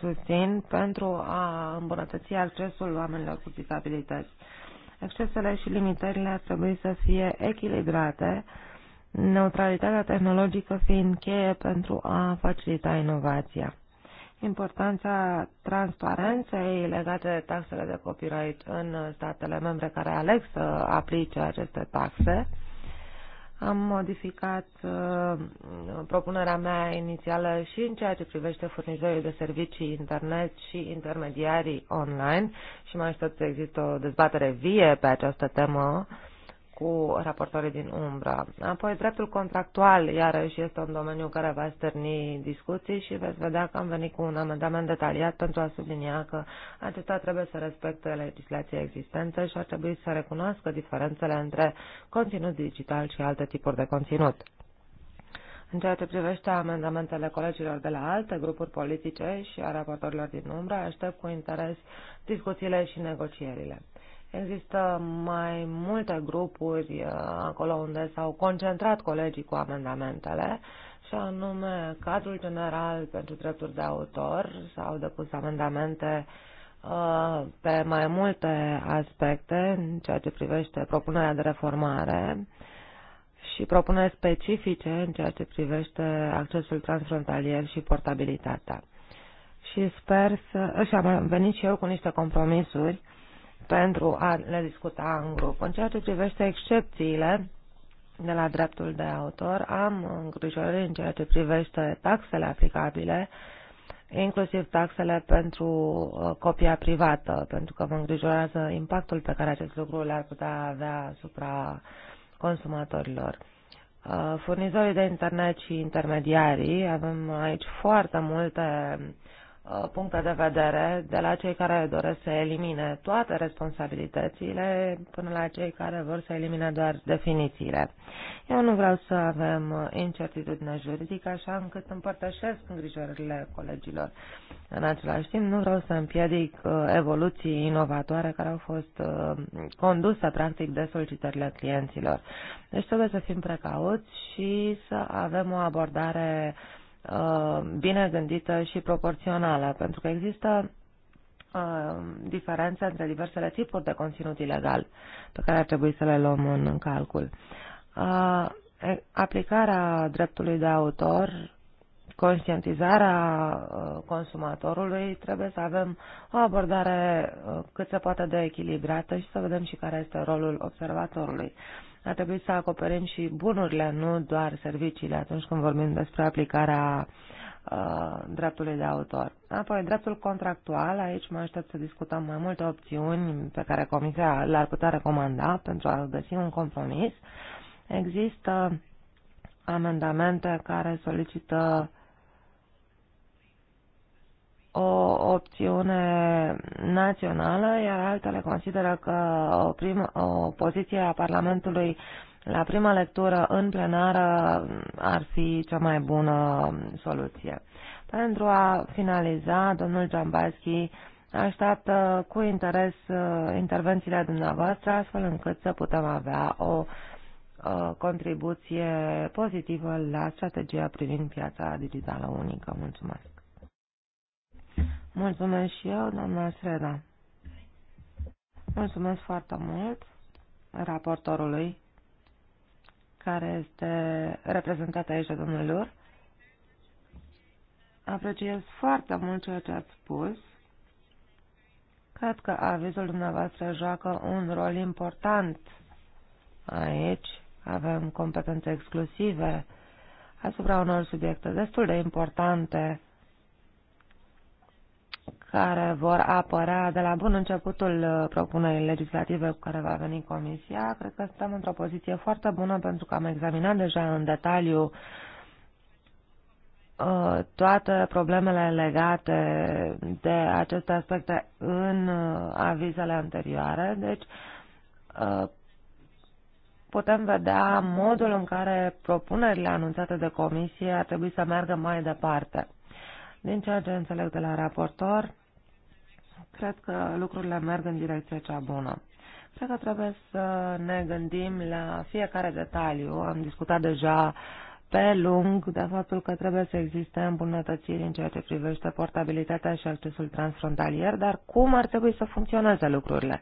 Speaker 4: susțin pentru a îmbunătăți accesul oamenilor cu disabilități. Accesele și limitările ar trebui să fie echilibrate, neutralitatea tehnologică fiind cheie pentru a facilita inovația. Importanța transparenței legate de taxele de copyright în statele membre care aleg să aplice aceste taxe, am modificat uh, propunerea mea inițială și în ceea ce privește furnizorii de servicii internet și intermediarii online și mai aștept să există o dezbatere vie pe această temă uh, cu raportorii din umbră. Apoi, dreptul contractual, iarăși, este un domeniu care va stârni discuții și veți vedea că am venit cu un amendament detaliat pentru a sublinia că acesta trebuie să respecte legislația existentă și ar trebui să recunoască diferențele între conținut digital și alte tipuri de conținut. În ceea ce privește amendamentele colegilor de la alte grupuri politice și a raportorilor din umbră, aștept cu interes discuțiile și negocierile. Există mai multe grupuri uh, acolo unde s-au concentrat colegii cu amendamentele și anume cadrul general pentru drepturi de autor s-au depus amendamente uh, pe mai multe aspecte în ceea ce privește propunerea de reformare și propuneri specifice în ceea ce privește accesul transfrontalier și portabilitatea. Și sper să... și am venit și eu cu niște compromisuri pentru a le discuta în grup. În ceea ce privește excepțiile de la dreptul de autor, am îngrijorări în ceea ce privește taxele aplicabile, inclusiv taxele pentru uh, copia privată, pentru că mă îngrijorează impactul pe care acest lucru l-ar putea avea asupra consumatorilor. Uh, furnizorii de internet și intermediarii, avem aici foarte multe Uh, puncte de vedere de la cei care doresc să elimine toate responsabilitățile până la cei care vor să elimine doar definițiile. Eu nu vreau să avem uh, incertitudine juridică așa încât împărtășesc îngrijorările colegilor. În același timp nu vreau să împiedic uh, evoluții inovatoare care au fost conduse practic de solicitările clienților. Deci trebuie să fim precauți și să avem o abordare uh, Uh, bine gândită și proporțională, pentru că există uh, diferențe între diversele tipuri de conținut ilegal pe care ar trebui să le luăm în, calcul. Uh, aplicarea dreptului de autor, conștientizarea consumatorului, trebuie să avem o abordare cât se poate de echilibrată și să vedem și care este rolul observatorului ar trebui să acoperim și bunurile, nu doar serviciile, atunci când vorbim despre aplicarea uh, dreptului de autor. Apoi, dreptul contractual, aici mă aștept să discutăm mai multe opțiuni pe care Comisia le-ar putea recomanda pentru a găsi un compromis. Există amendamente care solicită o opțiune națională, iar altele consideră că o, prim, o poziție a Parlamentului la prima lectură în plenară ar fi cea mai bună soluție. Pentru a finaliza, domnul Giambaschi așteaptă cu interes uh, intervențiile dumneavoastră, astfel încât să putem avea o uh, contribuție pozitivă la strategia privind piața digitală unică. Mulțumesc! Mulțumesc și eu, doamna Sreda. Mulțumesc foarte mult raportorului care este reprezentat aici de domnul Lur. Apreciez foarte mult ceea ce ați spus. Cred că avizul dumneavoastră joacă un rol important aici. Avem competențe exclusive asupra unor subiecte destul de importante care vor apărea de la bun începutul uh, propunerii legislative cu care va veni Comisia. Cred că suntem într-o poziție foarte bună pentru că am examinat deja în detaliu uh, toate problemele legate de aceste aspecte în uh, avizele anterioare. Deci, putem vedea modul în care propunerile anunțate de comisie ar trebui să meargă mai departe. Din ceea ce înțeleg de la raportor, Cred că lucrurile merg în direcția cea bună. Cred că trebuie să ne gândim la fiecare detaliu. Am discutat deja pe lung de faptul că trebuie să existe îmbunătățiri în ceea ce privește portabilitatea și accesul transfrontalier, dar cum ar trebui să funcționeze lucrurile?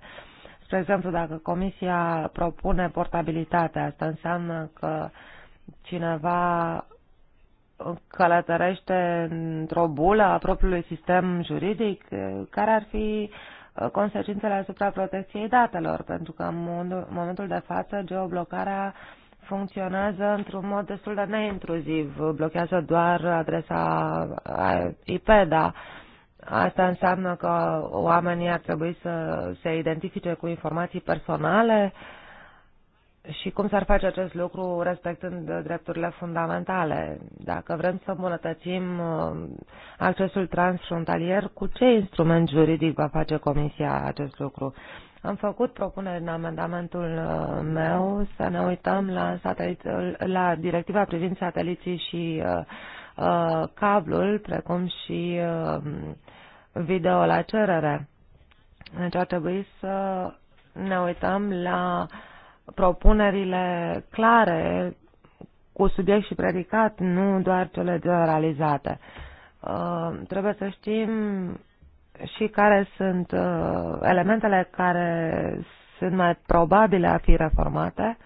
Speaker 4: Spre exemplu, dacă Comisia propune portabilitatea, asta înseamnă că cineva călătărește într-o bulă a propriului sistem juridic? Care ar fi uh, consecințele asupra protecției datelor? Pentru că în momentul de față geoblocarea funcționează într-un mod destul de neintruziv. Blochează doar adresa IP, dar asta înseamnă că oamenii ar trebui să se identifice cu informații personale uh, și cum s-ar face acest lucru respectând drepturile fundamentale. Dacă vrem să îmbunătățim uh, accesul transfrontalier, cu ce instrument juridic va face Comisia acest lucru? Am făcut propuneri în amendamentul uh, meu să ne uităm la, la directiva privind sateliții și uh, uh, cablul, precum și uh, video la cerere. Deci ar trebui să ne uităm la uh, propunerile clare cu subiect și predicat, nu doar cele generalizate. Uh, trebuie să știm și care sunt uh, elementele care sunt mai probabile a fi reformate.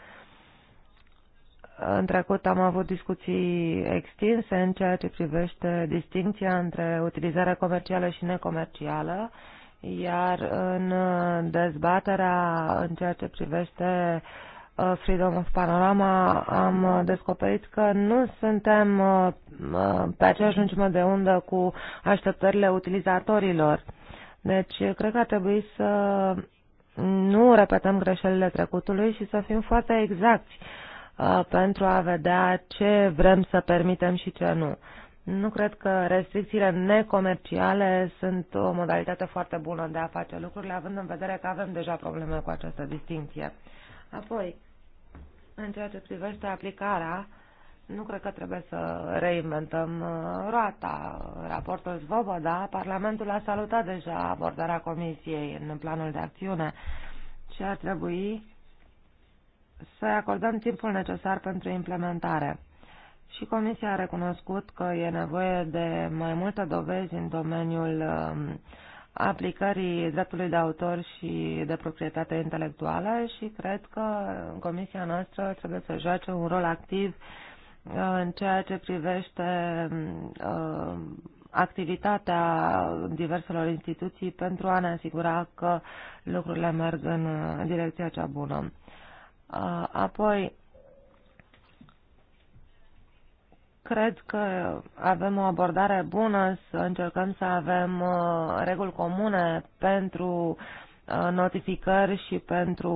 Speaker 4: În trecut am avut discuții extinse în ceea ce privește distinția între utilizarea comercială și necomercială. Uh, iar în uh, dezbaterea în ceea ce privește uh, Freedom of Panorama am uh, descoperit că nu suntem pe aceeași lungime de undă cu așteptările utilizatorilor. Deci, cred că ar trebui să nu repetăm greșelile trecutului și să fim foarte exacti pentru a vedea ce vrem să permitem și ce nu. Nu cred că restricțiile necomerciale sunt o modalitate foarte bună de a face lucrurile, având în vedere că avem deja probleme cu această distinție. Apoi, în ceea ce privește aplicarea, nu cred că trebuie să reinventăm uh, roata. Raportul Svoboda, Parlamentul a salutat deja abordarea Comisiei în planul de acțiune și ar trebui să acordăm timpul necesar pentru implementare și Comisia a recunoscut că e nevoie de mai multe dovezi în domeniul um, aplicării dreptului de autor și de proprietate intelectuală și cred că Comisia noastră trebuie să joace un rol activ uh, în ceea ce privește um, uh, activitatea diverselor instituții pentru a ne asigura că lucrurile merg în uh, direcția cea bună. Apoi, Cred că avem o abordare bună să încercăm să avem uh, reguli comune pentru uh, notificări și pentru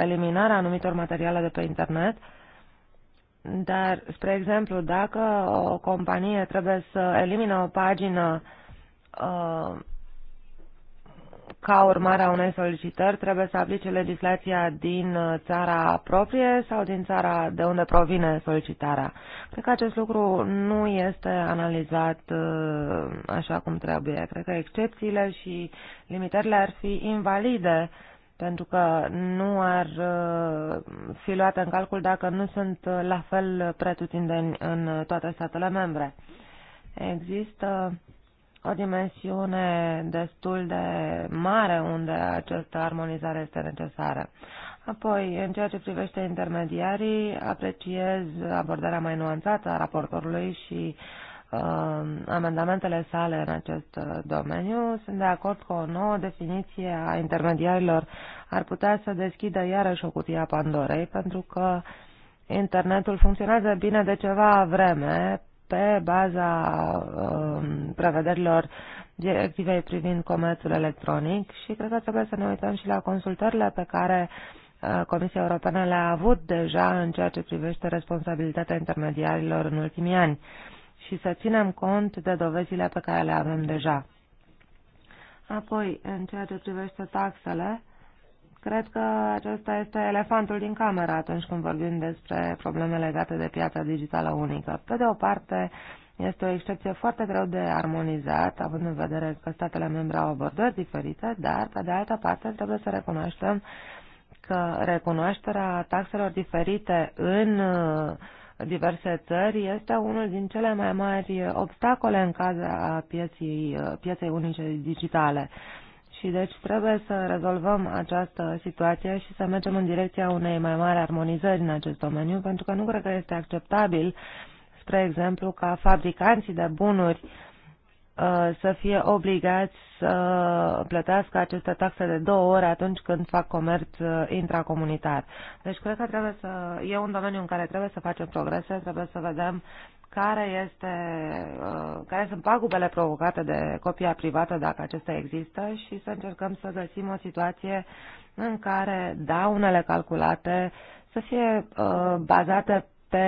Speaker 4: eliminarea anumitor materiale de pe internet. Dar, spre exemplu, dacă o companie trebuie să elimine o pagină uh, ca urmare a unei solicitări, trebuie să aplice legislația din uh, țara proprie sau din țara de unde provine solicitarea. Cred că acest lucru nu este analizat uh, așa cum trebuie. Cred că excepțiile și limitările ar fi invalide pentru că nu ar uh, fi luate în calcul dacă nu sunt la fel pretutindeni în toate statele membre. Există o dimensiune destul de mare unde această armonizare este necesară. Apoi, în ceea ce privește intermediarii, apreciez abordarea mai nuanțată a raportorului și uh, amendamentele sale în acest uh, domeniu. Sunt de acord că o nouă definiție a intermediarilor ar putea să deschidă iarăși o cutie a Pandorei, pentru că internetul funcționează bine de ceva vreme pe baza um, prevederilor directivei privind comerțul electronic și cred că trebuie să ne uităm și la consultările pe care uh, Comisia Europeană le-a avut deja în ceea ce privește responsabilitatea intermediarilor în ultimii ani și să ținem cont de dovezile pe care le avem deja. Apoi, în ceea ce privește taxele, Cred că acesta este elefantul din cameră atunci când vorbim despre probleme legate de piața digitală unică. Pe de o parte, este o excepție foarte greu de armonizat, având în vedere că statele membre au abordări diferite, dar, pe de altă parte, trebuie să recunoaștem că recunoașterea taxelor diferite în uh, diverse țări este unul din cele mai mari obstacole în calea pieței, uh, pieței unice digitale. Și deci trebuie să rezolvăm această situație și să mergem în direcția unei mai mari armonizări în acest domeniu, pentru că nu cred că este acceptabil, spre exemplu, ca fabricanții de bunuri uh, să fie obligați să plătească aceste taxe de două ori atunci când fac comerț uh, intracomunitar. Deci cred că trebuie să, e un domeniu în care trebuie să facem progrese, trebuie să vedem care, este, uh, care sunt pagubele provocate de copia privată, dacă acesta există, și să încercăm să găsim o situație în care daunele calculate să fie uh, bazate pe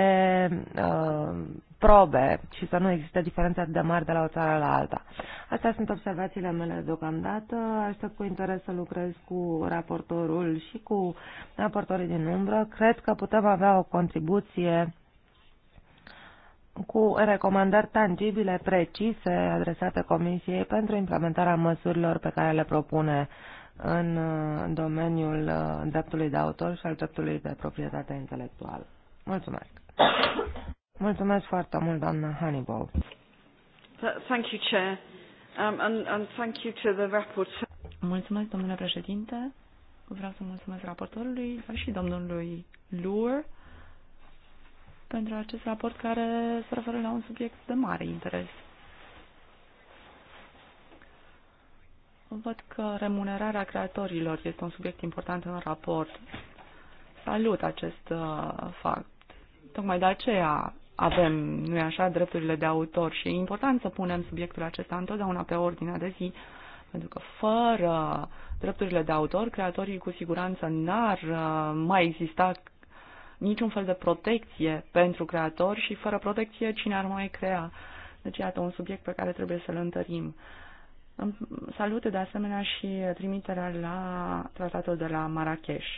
Speaker 4: uh, probe și să nu existe diferențe de mari de la o țară la alta. Astea sunt observațiile mele deocamdată. Aștept cu interes să lucrez cu raportorul și cu raportorii din umbră. Cred că putem avea o contribuție cu recomandări tangibile, precise, adresate Comisiei pentru implementarea măsurilor pe care le propune în domeniul uh, dreptului de autor și al dreptului de proprietate intelectuală. Mulțumesc! Mulțumesc foarte mult, doamna Hannibal.
Speaker 3: Thank you, Chair. Um,
Speaker 2: and, and thank you to the rapporteur.
Speaker 4: Mulțumesc, domnule președinte.
Speaker 2: Vreau să mulțumesc raportorului și domnului Lure pentru acest raport care se referă la un subiect de mare interes. Văd că remunerarea creatorilor este un subiect important în raport. Salut acest uh, fapt. Tocmai de aceea avem, nu-i așa, drepturile de autor și e important să punem subiectul acesta întotdeauna pe ordinea de zi, pentru că fără drepturile de autor, creatorii cu siguranță n-ar uh, mai exista niciun fel de protecție pentru creator și fără protecție cine ar mai crea. Deci, iată, un subiect pe care trebuie să-l întărim. Salut de asemenea și trimiterea la tratatul de la Marrakesh.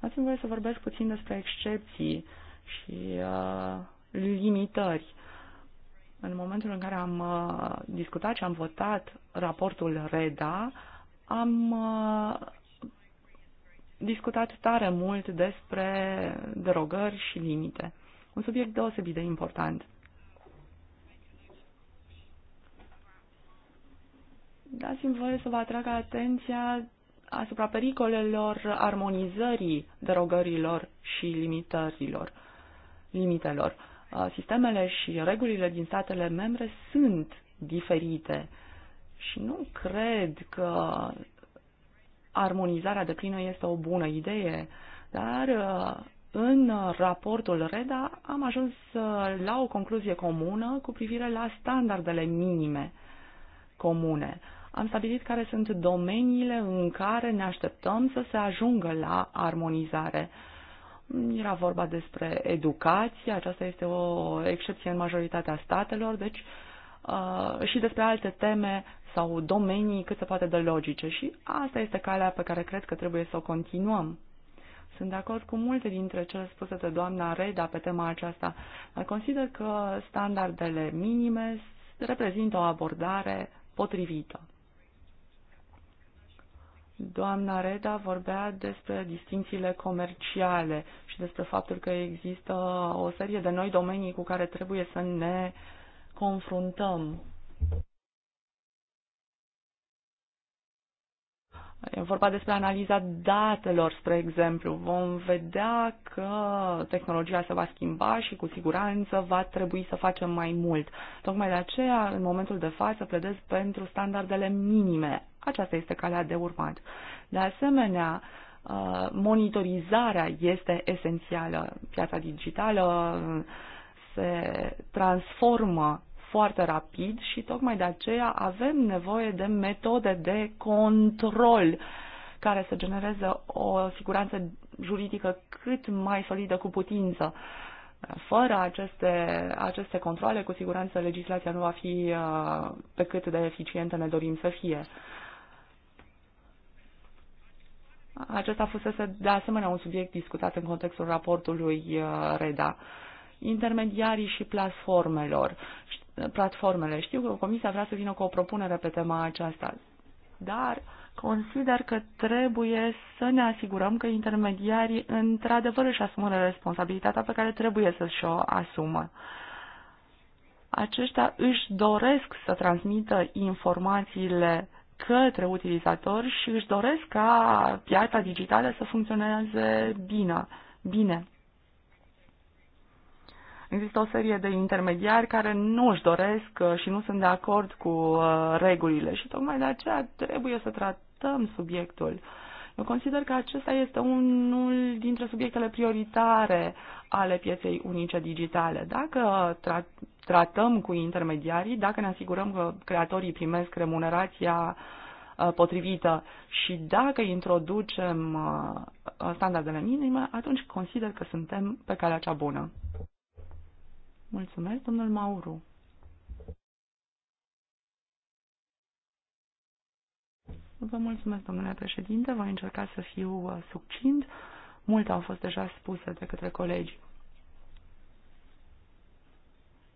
Speaker 2: Ați voie să vorbesc puțin despre excepții și uh, limitări. În momentul în care am uh, discutat și am votat raportul REDA, am uh, discutat tare mult despre derogări și limite. Un subiect deosebit de important. Dați-mi voie să vă atrag atenția asupra pericolelor armonizării derogărilor și limitărilor, limitelor. Uh, sistemele și regulile din statele membre sunt diferite și nu cred că armonizarea de plină este o bună idee, dar uh, în raportul REDA am ajuns uh, la o concluzie comună cu privire la standardele minime comune. Am stabilit care sunt domeniile în care ne așteptăm să se ajungă la armonizare. Era vorba despre educație, aceasta este o excepție în majoritatea statelor, deci uh, și despre alte teme sau domenii cât se poate de logice și asta este calea pe care cred că trebuie să o continuăm. Sunt de acord cu multe dintre cele spuse de doamna Reda pe tema aceasta, dar consider că standardele minime reprezintă o abordare potrivită. Doamna Reda vorbea despre distințiile comerciale și despre faptul că există o serie de noi domenii cu care trebuie să ne confruntăm. E vorba despre analiza datelor, spre exemplu. Vom vedea că tehnologia se va schimba și cu siguranță va trebui să facem mai mult. Tocmai de aceea, în momentul de față, pledez pentru standardele minime. Aceasta este calea de urmat. De asemenea, uh, monitorizarea este esențială. Piața digitală se transformă foarte rapid și tocmai de aceea avem nevoie de metode de control care să genereze o siguranță juridică cât mai solidă cu putință. Fără aceste, aceste controle, cu siguranță legislația nu va fi uh, pe cât de eficientă ne dorim să fie. Acesta fusese de asemenea un subiect discutat în contextul raportului uh, Reda intermediarii și platformelor platformele. Știu că Comisia vrea să vină cu o propunere pe tema aceasta, dar consider că trebuie să ne asigurăm că intermediarii într-adevăr își asumă responsabilitatea pe care trebuie să și-o asumă. Aceștia își doresc să transmită informațiile către utilizatori și își doresc ca piața digitală să funcționeze bine. bine. Există o serie de intermediari care nu își doresc uh, și nu sunt de acord cu uh, regulile și tocmai de aceea trebuie să tratăm subiectul. Eu consider că acesta este unul dintre subiectele prioritare ale pieței unice digitale. Dacă tra- tratăm cu intermediarii, dacă ne asigurăm că creatorii primesc remunerația uh, potrivită și dacă introducem standardele minime, atunci consider că suntem pe calea cea bună. Mulțumesc, domnul Mauru. Vă mulțumesc, domnule președinte. Voi încerca să fiu uh, succint. Multe au fost deja spuse de către colegi.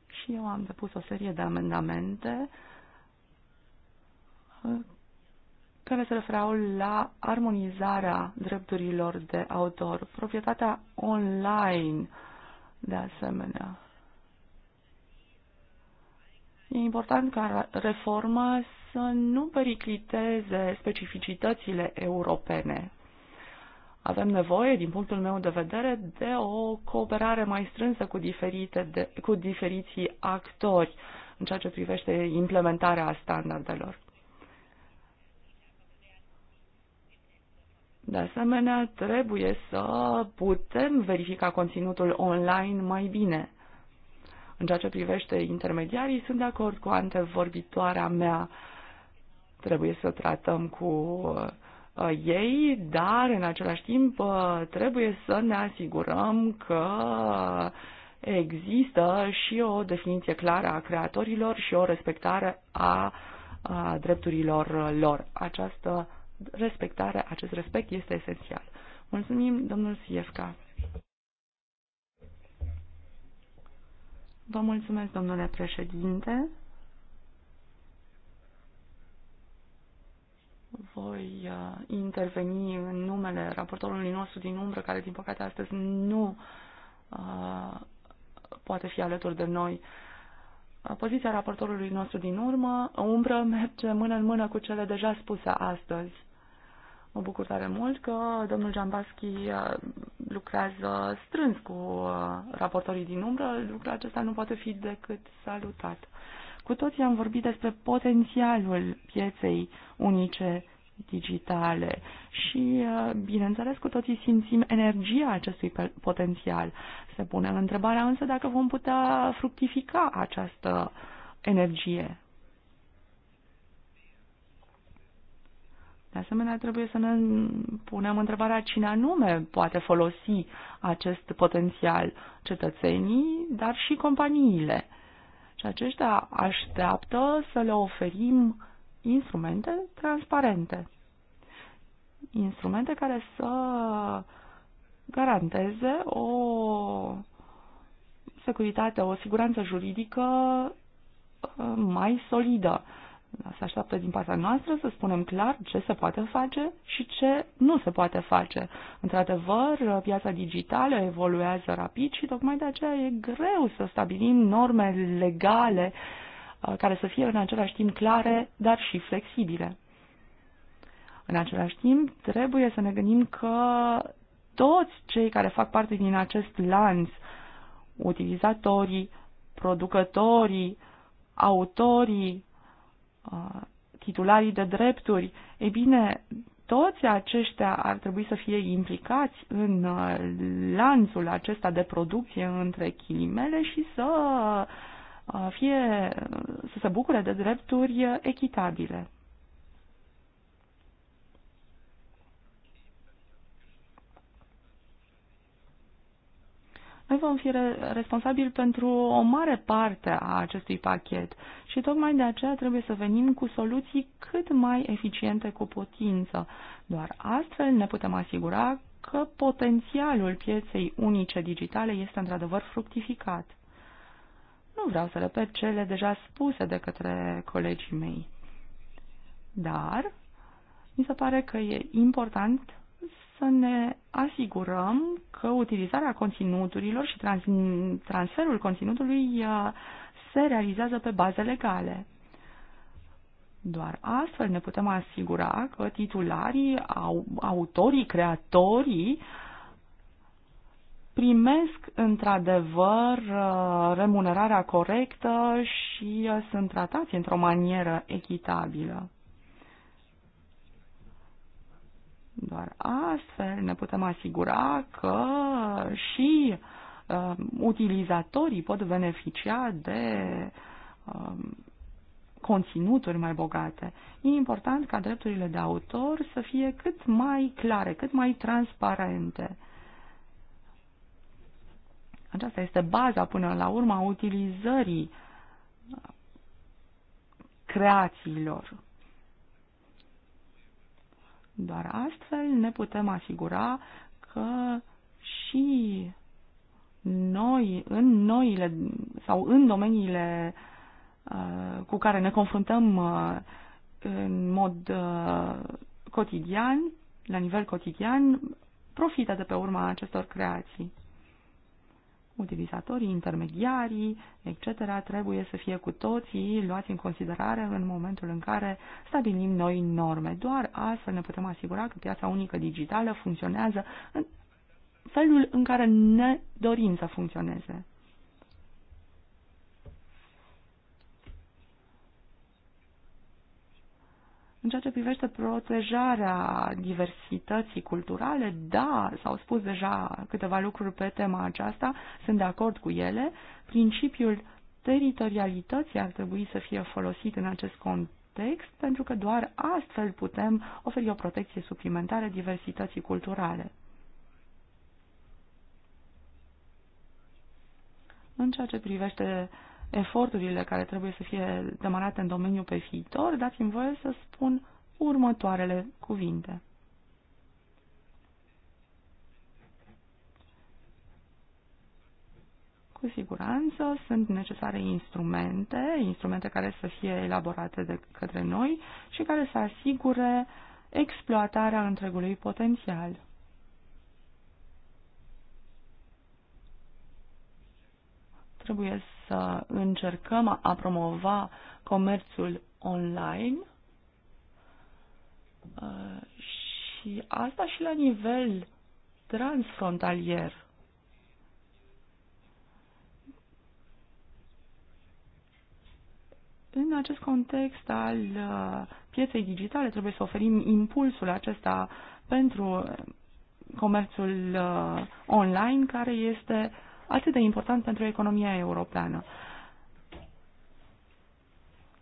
Speaker 2: Și eu am depus o serie de amendamente uh, care se referau la armonizarea drepturilor de autor, proprietatea online, de asemenea. E important ca reforma să nu pericliteze specificitățile europene. Avem nevoie, din punctul meu de vedere, de o cooperare mai strânsă cu, diferite de, cu diferiții actori în ceea ce privește implementarea standardelor. De asemenea, trebuie să putem verifica conținutul online mai bine. În ceea ce privește intermediarii, sunt de acord cu antevorbitoarea mea. Trebuie să tratăm cu uh, ei, dar în același timp uh, trebuie să ne asigurăm că există și o definiție clară a creatorilor și o respectare a, a drepturilor lor. Această respectare, acest respect este esențial. Mulțumim, domnul Siefka. Vă mulțumesc, domnule președinte. Voi uh, interveni în numele raportorului nostru din umbră, care din păcate astăzi nu uh, poate fi alături de noi. Uh, poziția raportorului nostru din urmă, umbră, merge mână în mână cu cele deja spuse astăzi. Mă bucur tare mult că domnul Jambaschi uh, lucrează strâns cu uh, raportorii din umbră. Lucrul acesta nu poate fi decât salutat. Cu toții am vorbit despre potențialul pieței unice digitale și, uh, bineînțeles, cu toții simțim energia acestui potențial. Se pune întrebarea însă dacă vom putea fructifica această energie De asemenea, trebuie să ne punem întrebarea cine anume poate folosi acest potențial cetățenii, dar și companiile. Și aceștia așteaptă să le oferim instrumente transparente. Instrumente care să garanteze o securitate, o siguranță juridică uh, mai solidă se așteaptă din partea noastră să spunem clar ce se poate face și ce nu se poate face. Într-adevăr, piața digitală evoluează rapid și tocmai de aceea e greu să stabilim norme legale uh, care să fie în același timp clare, dar și flexibile. În același timp, trebuie să ne gândim că toți cei care fac parte din acest lanț, utilizatorii, producătorii, autorii, Uh, titularii de drepturi, e bine, toți aceștia ar trebui să fie implicați în uh, lanțul acesta de producție între chilimele și să uh, fie să se bucure de drepturi echitabile. Noi vom fi re- responsabili pentru o mare parte a acestui pachet și tocmai de aceea trebuie să venim cu soluții cât mai eficiente cu putință. Doar astfel ne putem asigura că potențialul pieței unice digitale este într-adevăr fructificat. Nu vreau să repet cele deja spuse de către colegii mei, dar mi se pare că e important să ne asigurăm că utilizarea conținuturilor și trans transferul conținutului uh, se realizează pe baze legale. Doar astfel ne putem asigura că titularii, au, autorii, creatorii primesc într-adevăr uh, remunerarea corectă și uh, sunt tratați într-o manieră echitabilă. Doar astfel ne putem asigura că și uh, utilizatorii pot beneficia de uh, conținuturi mai bogate. E important ca drepturile de autor să fie cât mai clare, cât mai transparente. Aceasta este baza până la urma utilizării uh, creațiilor doar astfel ne putem asigura că și noi, în noile sau în domeniile uh, cu care ne confruntăm uh, în mod uh, cotidian, la nivel cotidian, profită de pe urma acestor creații utilizatorii, intermediarii, etc., trebuie să fie cu toții luați în considerare în momentul în care stabilim noi norme. Doar astfel ne putem asigura că piața unică digitală funcționează în felul în care ne dorim să funcționeze. În ceea ce privește protejarea diversității culturale, da, s-au spus deja câteva lucruri pe tema aceasta, sunt de acord cu ele. Principiul teritorialității ar trebui să fie folosit în acest context, pentru că doar astfel putem oferi o protecție suplimentară diversității culturale. În ceea ce privește uh, eforturile care trebuie să fie demarate în domeniu pe viitor, dați-mi voie să spun următoarele cuvinte. Cu siguranță sunt necesare instrumente, instrumente care să fie elaborate de către noi și care să asigure exploatarea întregului potențial. Trebuie să încercăm a promova comerțul online și asta și la nivel transfrontalier. În acest context al uh, pieței digitale trebuie să oferim impulsul acesta pentru comerțul uh, online care este uh, atât de important pentru economia europeană.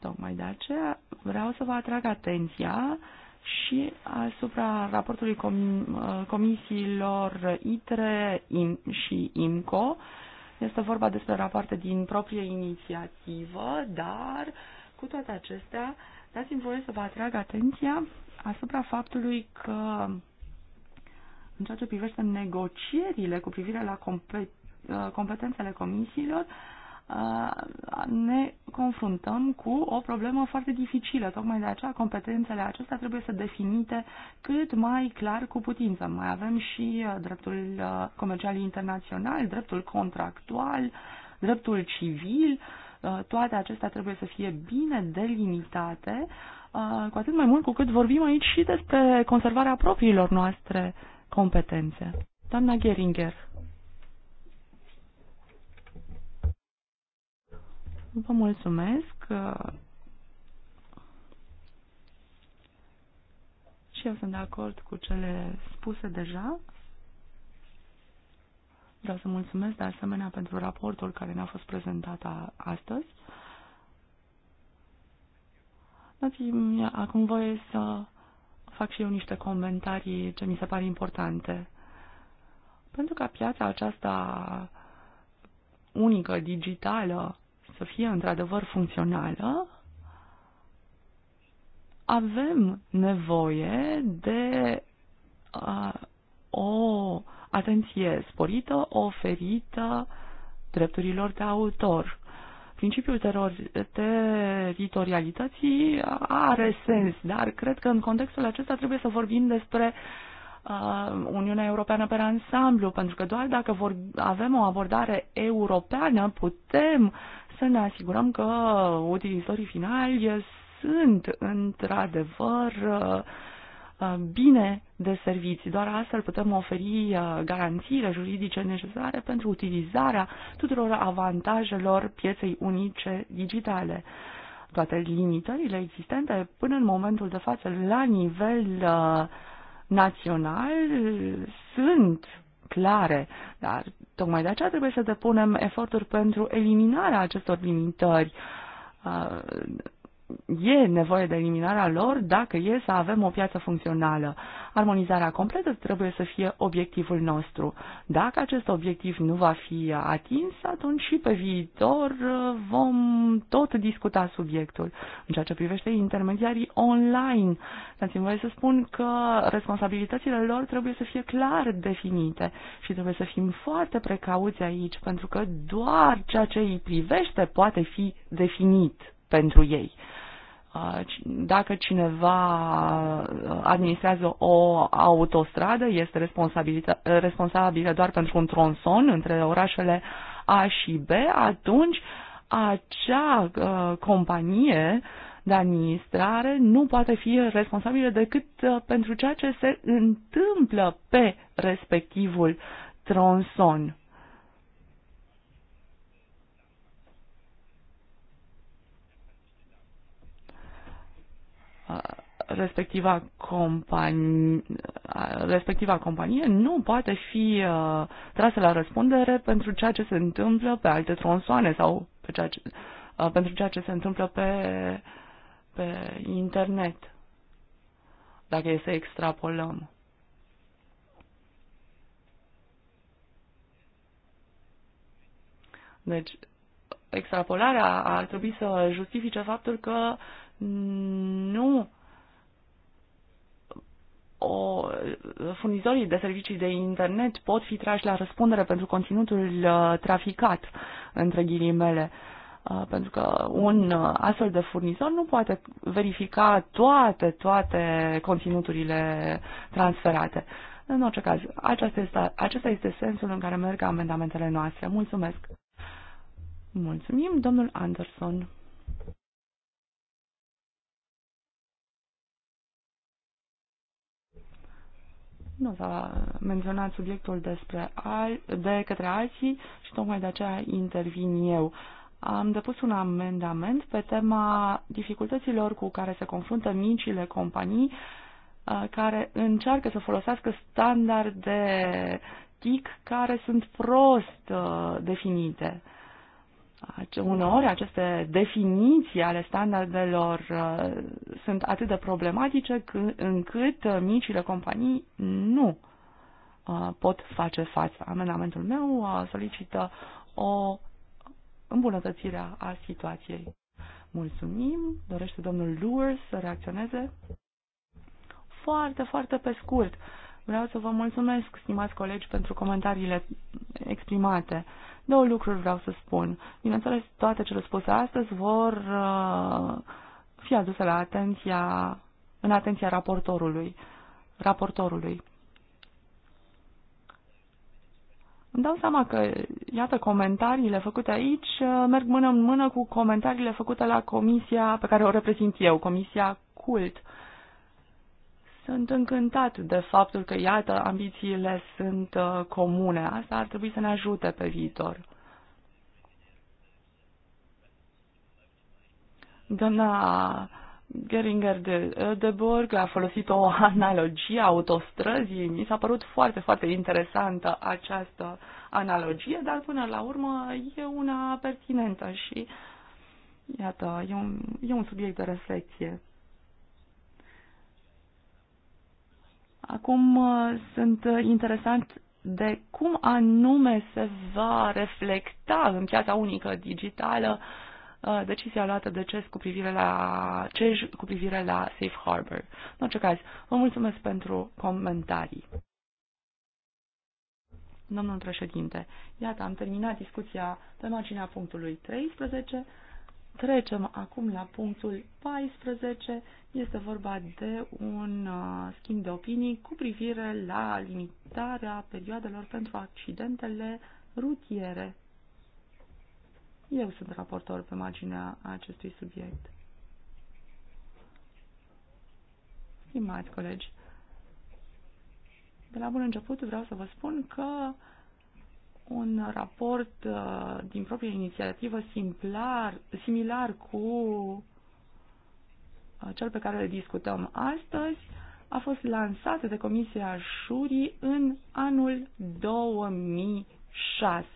Speaker 2: Tocmai de aceea vreau să vă atrag atenția și asupra raportului com- comisiilor ITRE și IMCO. Este vorba despre rapoarte din proprie inițiativă, dar cu toate acestea, dați-mi voie să vă atrag atenția asupra faptului că în ceea ce privește negocierile cu privire la compet Uh, competențele comisiilor, uh, ne confruntăm cu o problemă foarte dificilă. Tocmai de aceea competențele acestea trebuie să definite cât mai clar cu putință. Mai avem și uh, dreptul comercial internațional, dreptul contractual, dreptul civil. Toate acestea trebuie să fie bine delimitate, cu atât mai mult cu cât vorbim aici și despre conservarea propriilor noastre competențe. Doamna Geringer. Vă mulțumesc. Și eu sunt de acord cu cele spuse deja. Vreau să mulțumesc de asemenea pentru raportul care ne-a fost prezentat astăzi. Dați-mi acum voie să fac și eu niște comentarii ce mi se pare importante. Pentru ca piața aceasta unică, digitală, să fie într-adevăr funcțională, avem nevoie de uh, o atenție sporită oferită drepturilor de autor. Principiul teror- teritorialității are sens, dar cred că în contextul acesta trebuie să vorbim despre uh, Uniunea Europeană pe ansamblu, pentru că doar dacă vor, avem o abordare europeană putem uh, să ne asigurăm că utilizatorii finali sunt într-adevăr uh, bine de servicii. Doar astfel putem oferi uh, garanțiile juridice necesare pentru utilizarea tuturor avantajelor pieței unice digitale. Toate limitările existente până în momentul de față la nivel uh, național sunt clare, dar tocmai de aceea trebuie să depunem eforturi pentru eliminarea acestor limitări uh, e nevoie de eliminarea lor dacă e să avem o piață funcțională. Armonizarea completă trebuie să fie obiectivul nostru. Dacă acest obiectiv nu va fi atins, atunci și pe viitor uh, vom tot discuta subiectul. În ceea ce privește intermediarii online, dați-mi voie să spun că responsabilitățile lor trebuie să fie clar definite și trebuie să fim foarte precauți aici, pentru că doar ceea ce îi privește poate fi definit pentru ei. Uh, dacă cineva uh, administrează o autostradă, este responsabilă doar pentru un tronson între orașele A și B, atunci acea uh, companie de administrare nu poate fi responsabilă decât pentru ceea ce se întâmplă pe respectivul tronson. respectiva, companie, respectiva companie nu poate fi uh, trasă la răspundere pentru ceea ce se întâmplă pe alte tronsoane sau pe ceea ce, uh, pentru ceea ce se întâmplă pe, pe internet, dacă e să extrapolăm. Deci, extrapolarea ar trebui să justifice faptul că nu o, furnizorii de servicii de internet pot fi trași la răspundere pentru conținutul uh, traficat, între ghilimele. Uh, pentru că un uh, astfel de furnizor nu poate verifica toate, toate conținuturile transferate. În orice caz, acesta este, acesta este sensul în care merg amendamentele noastre. Mulțumesc! Mulțumim, domnul Anderson. nu s-a menționat subiectul despre al, de către alții și tocmai de aceea intervin eu. Am depus un amendament pe tema dificultăților cu care se confruntă micile companii uh, care încearcă să folosească standarde TIC care sunt prost uh, definite. Uneori aceste definiții ale standardelor uh, sunt atât de problematice încât uh, micile companii nu uh, pot face față. Amendamentul meu solicită o îmbunătățire a situației. Mulțumim. Dorește domnul Lewis să reacționeze? Foarte, foarte pe scurt. Vreau să vă mulțumesc, stimați colegi, pentru comentariile exprimate. Două lucruri vreau să spun. Bineînțeles, toate cele spuse astăzi vor uh, fi aduse la atenția, în atenția raportorului. raportorului. Îmi dau seama că, iată, comentariile făcute aici uh, merg mână în mână cu comentariile făcute la comisia pe care o reprezint eu, Comisia Cult. Uh, sunt încântat de faptul că, iată, ambițiile sunt uh, comune. Asta ar trebui să ne ajute pe viitor. Doamna Geringer de Ödeborg uh, a folosit o analogie a autostrăzii. Mi s-a părut foarte, foarte interesantă această analogie, dar până la urmă e una pertinentă și, iată, e un, e un subiect de reflexie. Acum uh, sunt uh, interesant de cum anume se va reflecta în piața unică digitală uh, decizia luată de CES cu privire la CES cu privire la Safe Harbor. În orice caz, vă mulțumesc pentru comentarii. Domnul președinte, iată, am terminat discuția pe marginea punctului 13. Trecem acum la punctul 14. Este vorba de un uh, schimb de opinii cu privire la limitarea perioadelor pentru accidentele rutiere. Eu sunt raportor pe marginea acestui subiect. Stimați colegi, de la bun început vreau să vă spun că un raport uh, din propria inițiativă simplar, similar cu uh, cel pe care îl discutăm astăzi, a fost lansat de Comisia Șurii în anul 2006.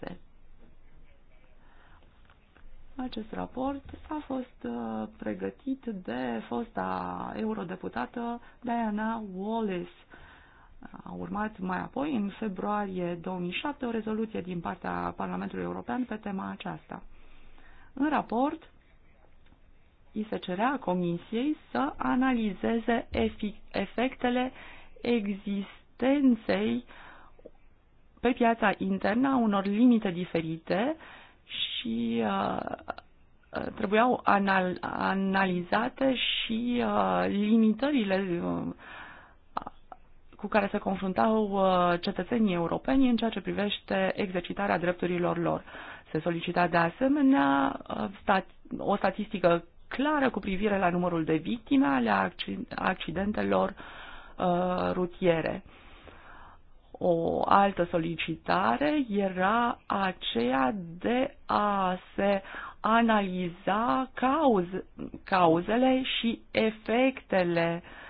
Speaker 2: Acest raport a fost uh, pregătit de fosta eurodeputată Diana Wallace a urmat mai apoi, în februarie 2007, o rezoluție din partea Parlamentului European pe tema aceasta. În raport, îi se cerea Comisiei să analizeze efectele existenței pe piața internă a unor limite diferite și uh, trebuiau anal- analizate și uh, limitările uh, cu care se confruntau uh, cetățenii europeni în ceea ce privește exercitarea drepturilor lor. Se solicita de asemenea uh, o statistică clară cu privire la numărul de victime ale accidentelor uh, rutiere. O altă solicitare era aceea de a se analiza cauze, cauzele și efectele uh,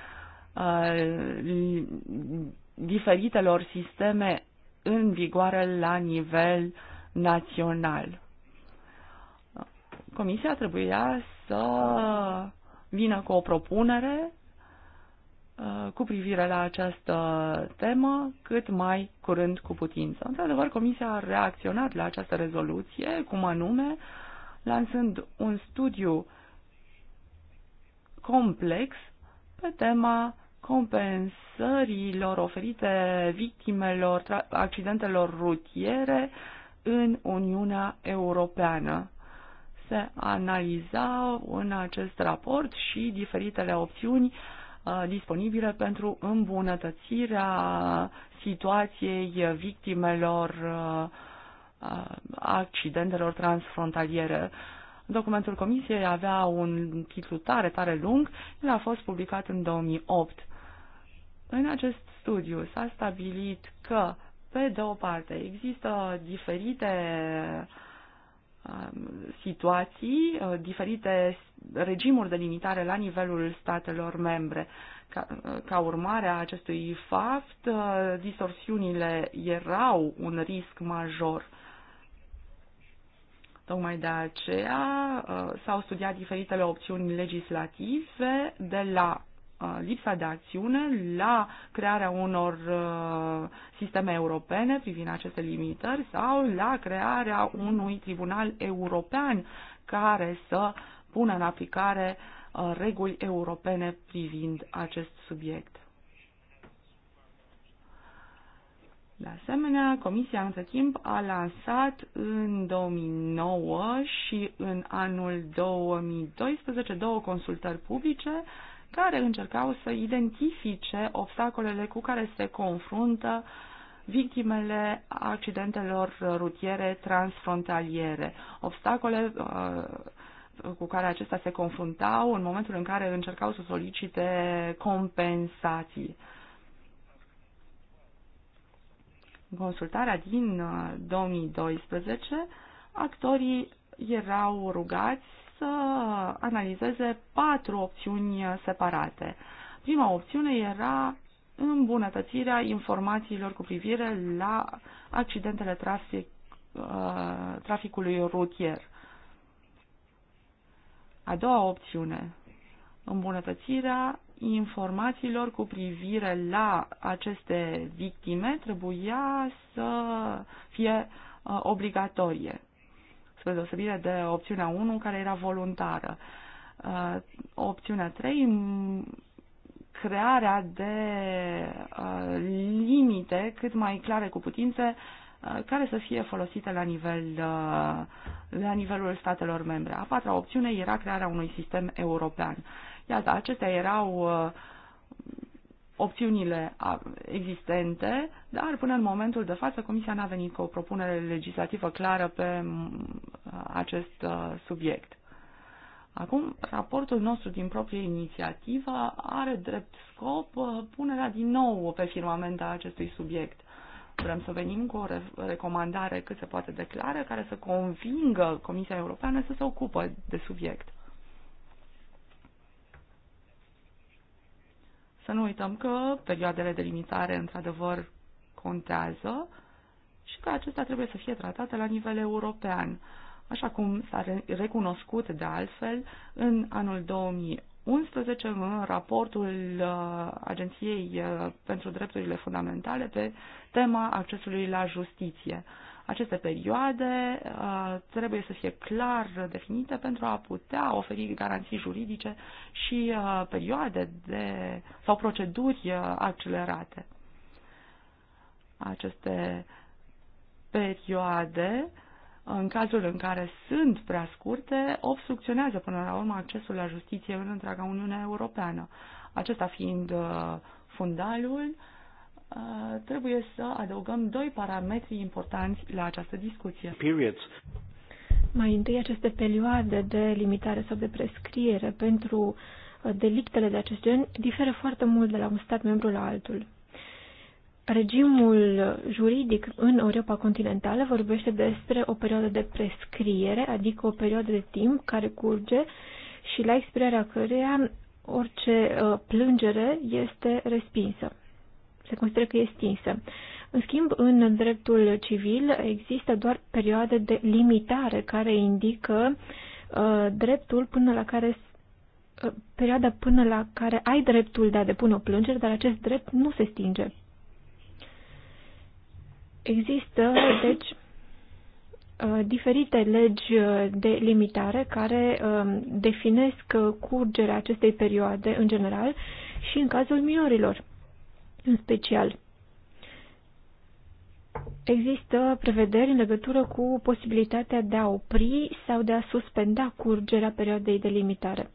Speaker 2: Uh, diferitelor sisteme în vigoare la nivel național. Comisia trebuia să vină cu o propunere uh, cu privire la această temă cât mai curând cu putință. Într-adevăr, Comisia a reacționat la această rezoluție, cum anume, lansând un studiu complex pe tema compensărilor oferite victimelor accidentelor rutiere în Uniunea Europeană. Se analizau în acest raport și diferitele opțiuni uh, disponibile pentru îmbunătățirea situației victimelor uh, uh, accidentelor transfrontaliere. Documentul comisiei avea un titlu tare, tare lung, el a fost publicat în 2008. În acest studiu s-a stabilit că, pe de o parte, există diferite um, situații, uh, diferite regimuri de limitare la nivelul statelor membre. Ca, uh, ca urmare a acestui fapt, uh, distorsiunile erau un risc major. Tocmai de aceea uh, s-au studiat diferitele opțiuni legislative de la uh, lipsa de acțiune la crearea unor uh, sisteme europene privind aceste limitări sau la crearea unui tribunal european care să pună în aplicare reguli europene privind acest subiect. De asemenea, Comisia între timp a lansat în 2009 și în anul 2012 două consultări publice care încercau să identifice obstacolele cu care se confruntă victimele accidentelor rutiere transfrontaliere, obstacole uh, cu care acestea se confruntau în momentul în care încercau să solicite compensații. Uh, consultarea din 2012, uh, actorii erau rugați să analizeze patru opțiuni separate. Prima opțiune era îmbunătățirea informațiilor cu privire la accidentele trafic, uh, traficului rutier. A doua opțiune, îmbunătățirea informațiilor cu privire la aceste victime trebuia să fie uh, obligatorie, spre deosebire de opțiunea 1 care era voluntară. Uh, opțiunea 3 crearea de uh, limite cât mai clare cu putințe uh, care să fie folosite la, nivel, la nivelul statelor membre. A patra opțiune era crearea unui sistem european. Iată, acestea erau uh, opțiunile existente, dar până în momentul de față Comisia n-a venit cu o propunere legislativă clară pe acest uh, subiect. Acum, raportul nostru din proprie inițiativă are drept scop uh, punerea din nou pe firmament a acestui subiect. Vrem să venim cu o recomandare cât se poate declară care să convingă Comisia Europeană să se ocupă de subiect. Să nu uităm că perioadele de limitare, într-adevăr, contează și că acestea trebuie să fie tratate la nivel european. Așa cum s-a recunoscut de altfel în anul 2011 în raportul uh, Agenției uh, pentru Drepturile Fundamentale pe tema accesului la justiție. Aceste perioade uh, trebuie să fie clar definite pentru a putea oferi garanții juridice și uh, perioade de, sau proceduri uh, accelerate. Aceste perioade în cazul în care sunt prea scurte, obstrucționează până la urmă accesul la justiție în întreaga Uniune Europeană. Acesta fiind fundalul, Uh, trebuie să adăugăm doi parametri
Speaker 3: importanți la această discuție. Periods. Mai întâi aceste perioade de limitare sau de prescriere pentru uh, delictele de acest gen diferă foarte mult de la un stat membru la altul. Regimul juridic în Europa continentală vorbește despre o perioadă de prescriere, adică o perioadă de timp care curge și la expirarea căreia orice uh, plângere este respinsă se consideră că e stinsă. În schimb, în dreptul civil există doar perioade de limitare care indică uh, dreptul până la care uh, perioada până la care ai dreptul de a depune o plângere, dar acest drept nu se stinge. Există, deci, uh, diferite legi uh, de limitare care um, definesc curgerea acestei perioade în general și în cazul minorilor în special. Există prevederi în legătură cu posibilitatea de a opri sau de a suspenda curgerea perioadei de limitare.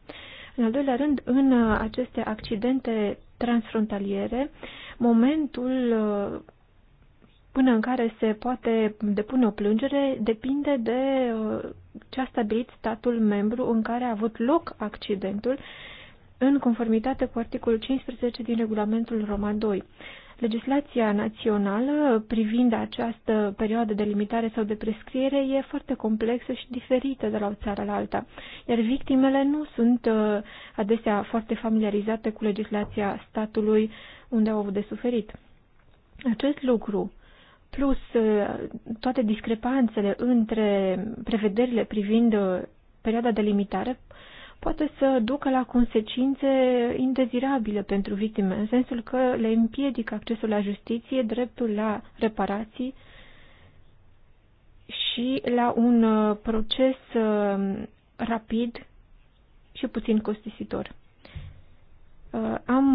Speaker 3: În al doilea rând, în uh, aceste accidente transfrontaliere, momentul uh, până în care se poate depune o plângere depinde de uh, ce a stabilit statul membru în care a avut loc accidentul în conformitate cu articolul 15 din regulamentul Roma 2. Legislația națională privind această perioadă de limitare sau de prescriere e foarte complexă și diferită de la o țară la alta, iar victimele nu sunt uh, adesea foarte familiarizate cu legislația statului unde au avut de suferit. Acest lucru, plus uh, toate discrepanțele între prevederile privind uh, perioada de limitare, poate să ducă la consecințe indezirabile pentru victime, în sensul că le împiedică accesul la justiție, dreptul la reparații și la un uh, proces uh, rapid și puțin costisitor. Uh, am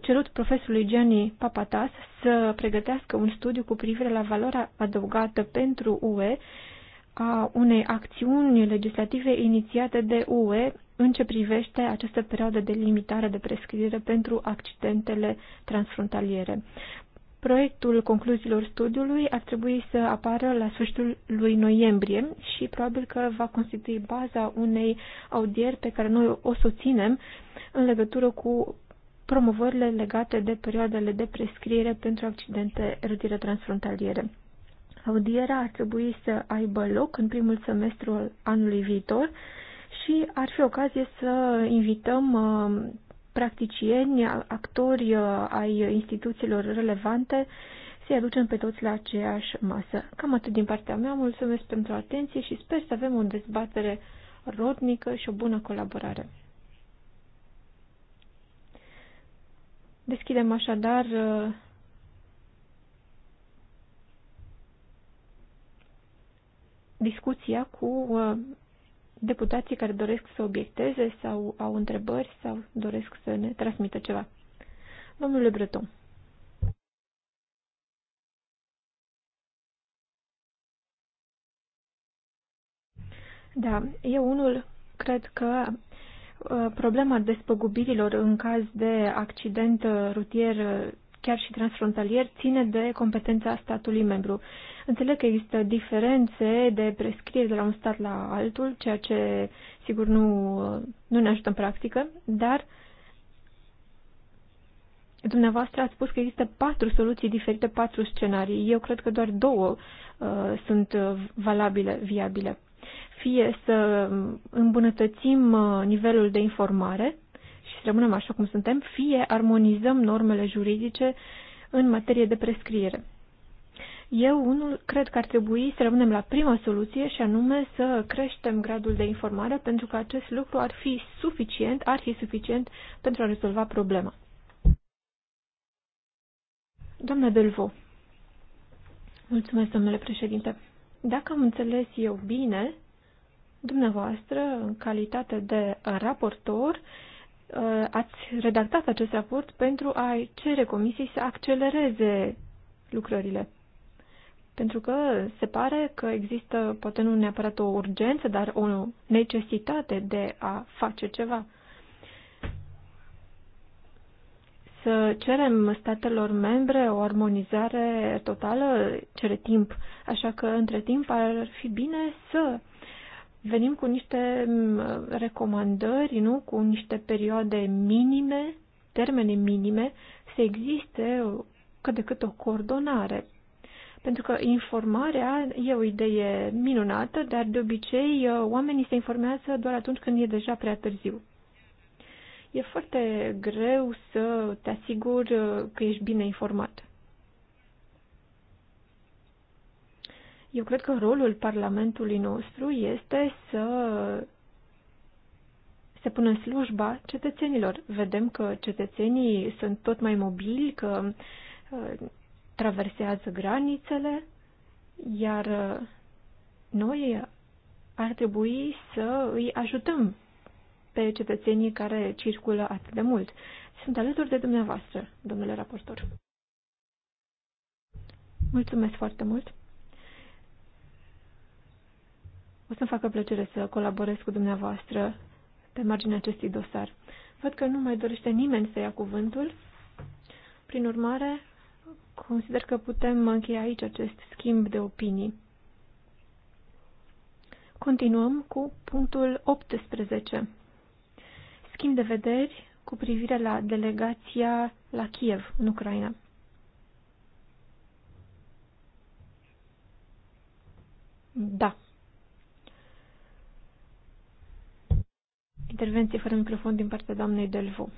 Speaker 3: cerut profesorului Gianni Papatas să pregătească un studiu cu privire la valoarea adăugată pentru UE a unei acțiuni legislative inițiate de UE în ce privește această perioadă de limitare de prescriere pentru accidentele transfrontaliere. Proiectul concluziilor studiului ar trebui să apară la sfârșitul lui noiembrie și probabil că va constitui baza unei audieri pe care noi o ținem în legătură cu promovările legate de perioadele de prescriere pentru accidente rutiere transfrontaliere. Audiera ar trebui să aibă loc în primul semestru al anului viitor și ar fi ocazie să invităm uh, practicieni, actori uh, ai instituțiilor relevante să-i aducem pe toți la aceeași masă. Cam atât din partea mea, mulțumesc pentru atenție și sper să avem o dezbatere rodnică și o bună colaborare. Deschidem așadar uh, discuția cu deputații care doresc să obiecteze sau au întrebări sau doresc să ne transmită ceva. Domnule Breton. Da, eu unul cred că uh, problema despăgubirilor în caz de accident rutier chiar și transfrontalier, ține de competența statului membru. Înțeleg că există diferențe de prescriere de la un stat la altul, ceea ce sigur nu, nu ne ajută în practică, dar dumneavoastră ați spus că există patru soluții diferite, patru scenarii. Eu cred că doar două uh, sunt valabile, viabile. Fie să îmbunătățim uh, nivelul de informare, rămânem așa cum suntem, fie armonizăm normele juridice în materie de prescriere. Eu, unul, cred că ar trebui să rămânem la prima soluție și anume să creștem gradul de informare pentru că acest lucru ar fi suficient, ar fi suficient pentru a rezolva problema. Doamna Delvo, mulțumesc, domnule președinte. Dacă am înțeles eu bine, dumneavoastră, în calitate de raportor, Uh, ați redactat acest raport pentru a cere comisiei să accelereze lucrările. Pentru că se pare că există, poate nu neapărat o urgență, dar o necesitate de a face ceva. Să cerem statelor membre o armonizare totală cere timp, așa că între timp ar fi bine să venim cu niște mm, recomandări, nu? Cu niște perioade minime, termene minime, să existe cât de cât o coordonare. Pentru că informarea e o idee minunată, dar de obicei uh, oamenii se informează doar atunci când e deja prea târziu. E foarte greu să te asiguri uh, că ești bine informat. Eu cred că rolul Parlamentului nostru este să se pună în slujba cetățenilor. Vedem că cetățenii sunt tot mai mobili, că uh, traversează granițele, iar uh, noi ar trebui să îi ajutăm pe cetățenii care circulă atât de mult. Sunt alături de dumneavoastră, domnule raportor. Mulțumesc foarte mult! O să-mi facă plăcere să colaborez cu dumneavoastră pe marginea acestui dosar. Văd că nu mai dorește nimeni să ia cuvântul. Prin urmare, consider că putem încheia aici acest schimb de opinii. Continuăm cu punctul 18. Schimb de vederi cu privire la delegația la Kiev, în Ucraina. Da, Intervenție fără microfon din partea doamnei Delvo.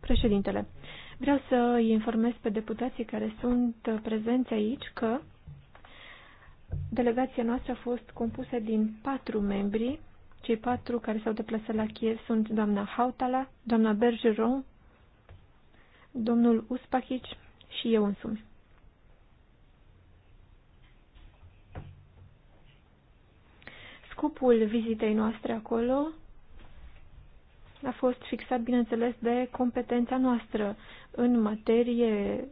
Speaker 3: Președintele, vreau să îi informez pe deputații care sunt prezenți aici că delegația noastră a fost compusă din patru membri. Cei patru care s-au deplasat la Kiev sunt doamna Hautala, doamna Bergeron, domnul Uspachici și eu însumi. Scopul vizitei noastre acolo a fost fixat, bineînțeles, de competența noastră în materie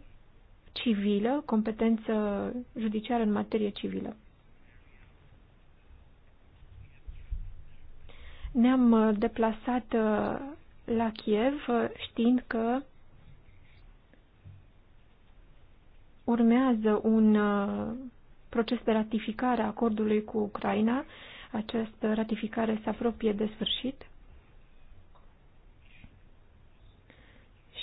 Speaker 3: civilă, competență judiciară în materie civilă. Ne-am uh, deplasat uh, la Kiev uh, știind că urmează un proces de ratificare a acordului cu Ucraina această ratificare se apropie de sfârșit.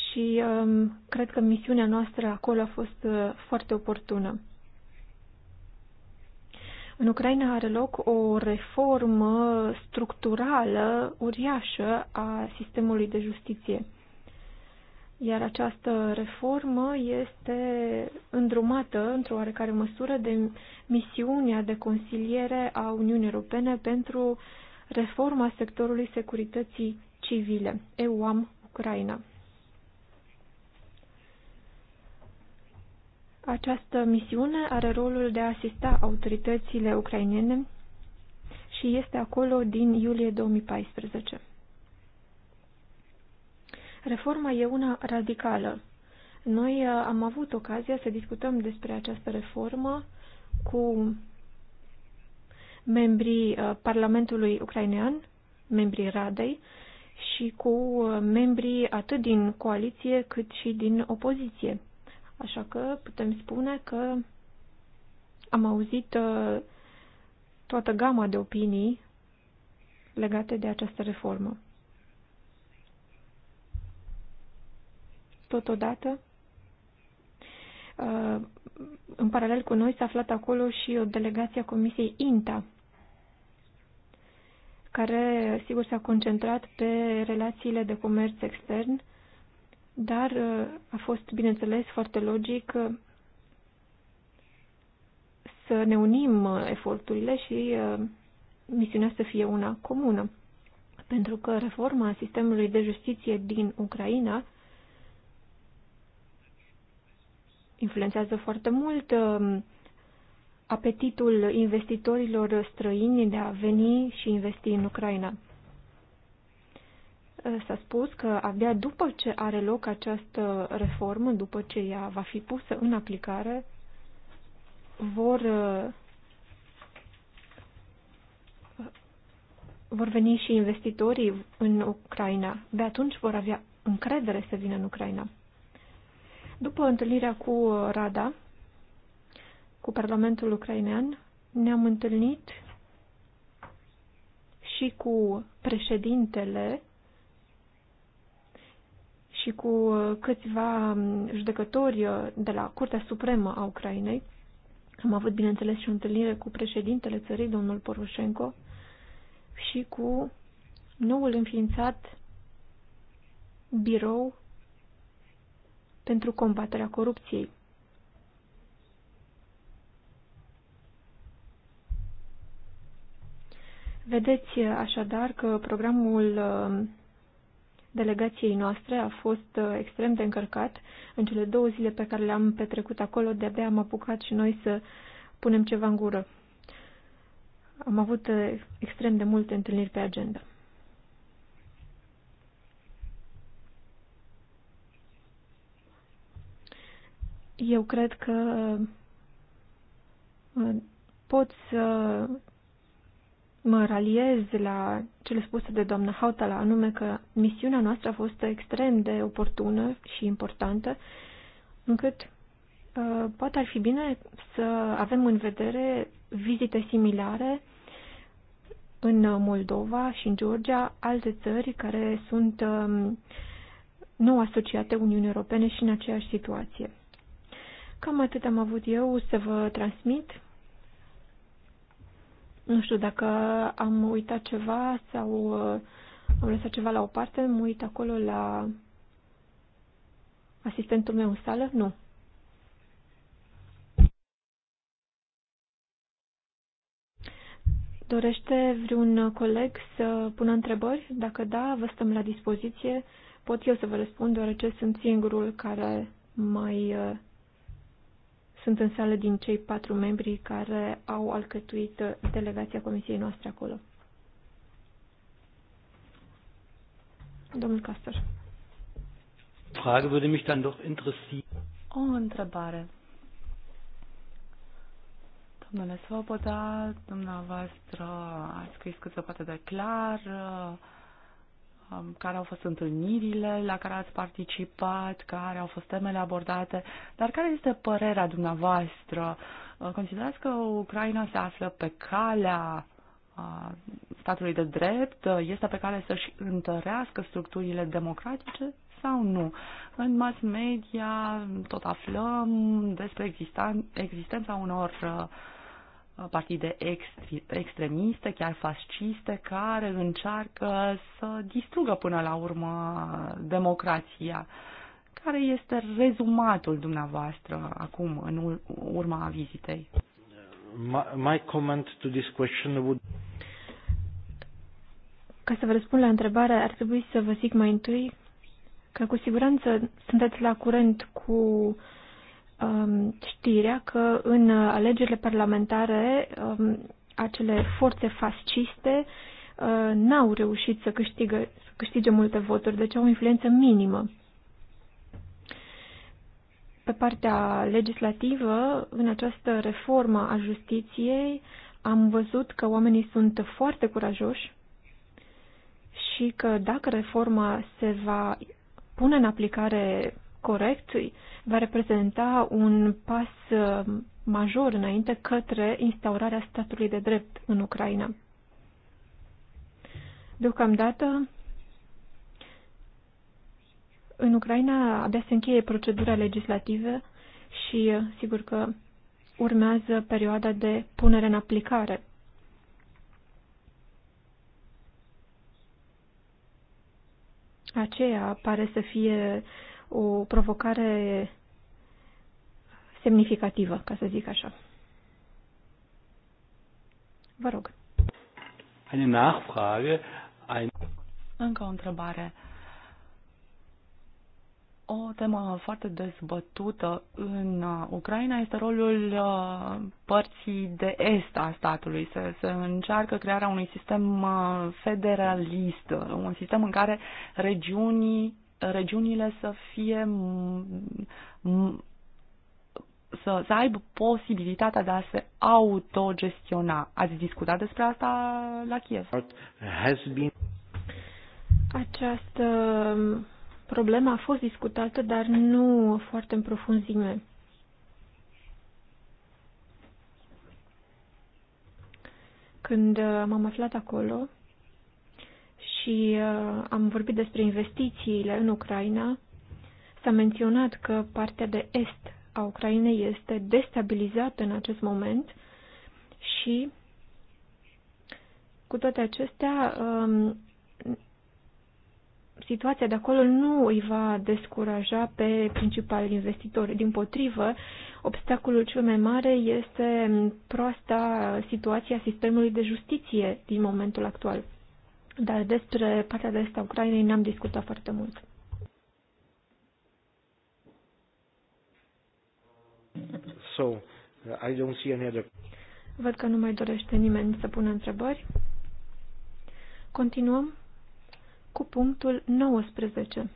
Speaker 3: Și um, cred că misiunea noastră acolo a fost uh, foarte oportună. În Ucraina are loc o reformă structurală uriașă a sistemului de justiție. Iar această reformă este îndrumată, într-o oarecare măsură, de misiunea de consiliere a Uniunii Europene pentru reforma sectorului securității civile, EUAM Ucraina. Această misiune are rolul de a asista autoritățile ucrainene și este acolo din iulie 2014. Reforma e una radicală. Noi uh, am avut ocazia să discutăm despre această reformă cu membrii uh, Parlamentului ucrainean, membrii Radei și cu uh, membrii atât din coaliție cât și din opoziție. Așa că putem spune că am auzit toată gama de opinii legate de această reformă. Totodată, uh, în paralel cu noi s-a aflat acolo și o delegație a Comisiei INTA, care sigur s-a concentrat pe relațiile de comerț extern, dar uh, a fost, bineînțeles, foarte logic uh, să ne unim eforturile și misiunea să fie una comună. Pentru că reforma sistemului de justiție din Ucraina influențează foarte mult um, apetitul investitorilor străini de a veni și investi în Ucraina. Uh, s-a spus că abia după ce are loc această reformă, după ce ea va fi pusă în aplicare, vor uh, vor veni și investitorii în Ucraina. De atunci vor avea încredere să vină în Ucraina. După întâlnirea cu Rada, cu Parlamentul ucrainean, ne-am întâlnit și cu președintele și cu câțiva judecători de la Curtea Supremă a Ucrainei. Am avut, bineînțeles, și o întâlnire cu președintele țării, domnul Poroșenko, și cu noul înființat birou pentru combaterea corupției. Vedeți așadar că programul uh, delegației noastre a fost uh, extrem de încărcat. În cele două zile pe care le-am petrecut acolo, de-abia am apucat și noi să punem ceva în gură. Am avut uh, extrem de multe întâlniri pe agenda. Eu cred că uh, pot să mă raliez la cele spuse de doamna Hautala, anume că misiunea noastră a fost extrem de oportună și importantă, încât uh, poate ar fi bine să avem în vedere vizite similare în Moldova și în Georgia, alte țări care sunt um, nu asociate Uniunii Europene și în aceeași situație. Cam atât am avut eu să vă transmit. Nu știu dacă am uitat ceva sau uh, am lăsat ceva la o parte. Mă uit acolo la asistentul meu în sală. Nu. Dorește vreun coleg să pună întrebări? Dacă da, vă stăm la dispoziție. Pot eu să vă răspund, deoarece sunt singurul care mai uh, sunt în sală din cei patru membri care au alcătuit delegația comisiei noastre acolo. Domnul Castor.
Speaker 1: Frage würde mich dann doch
Speaker 3: O întrebare.
Speaker 2: Domnule Svoboda, dumneavoastră ați scris cât se poate de clar uh, care au fost întâlnirile la care ați participat, care au fost temele abordate, dar care este părerea dumneavoastră? Uh, considerați că Ucraina se află pe calea uh, statului de drept, uh, este pe calea să-și întărească structurile democratice sau nu. În mass media tot aflăm despre existența unor partide extremiste, chiar fasciste, care încearcă să distrugă până la urmă democrația. Care este rezumatul dumneavoastră acum,
Speaker 3: în urma vizitei?
Speaker 1: My, my comment to this question would...
Speaker 3: Ca să vă răspund la întrebare, ar trebui să vă zic mai întâi că cu siguranță sunteți la curent cu uh, Um, știrea că în alegerile parlamentare um, acele forțe fasciste uh, n-au reușit să, câștigă, să câștige multe voturi, deci au o influență minimă. Pe partea legislativă, în această reformă a justiției, am văzut că oamenii sunt foarte curajoși și că dacă reforma se va pune în aplicare corect, va reprezenta un pas uh, major înainte către instaurarea statului de drept în Ucraina. Deocamdată, în Ucraina abia se încheie procedura legislativă și uh, sigur că urmează perioada de punere în aplicare. Aceea pare să fie o provocare semnificativă, ca să zic așa. Vă rog.
Speaker 1: Eine Nachfrage. Ein...
Speaker 3: Încă o întrebare.
Speaker 2: O temă foarte dezbătută în uh, Ucraina este rolul uh, părții de est a statului. Se, se încearcă crearea unui sistem uh, federalist, un sistem în care regiunii regiunile să fie să, să aibă posibilitatea de a se autogestiona. Ați discutat despre asta
Speaker 1: la Kiev?
Speaker 3: Această um, problemă a fost discutată, dar nu foarte în profunzime. Când uh, m-am aflat acolo, și uh, am vorbit despre investițiile în Ucraina, s-a menționat că partea de est a Ucrainei este destabilizată în acest moment și cu toate acestea, um, situația de acolo nu îi va descuraja pe principalii investitori. Din potrivă, obstacolul cel mai mare este proasta situația sistemului de justiție din momentul actual dar despre partea de est a Ucrainei n-am discutat foarte mult.
Speaker 1: So, I don't see any other...
Speaker 3: Văd că nu mai dorește nimeni să pună întrebări. Continuăm cu punctul 19.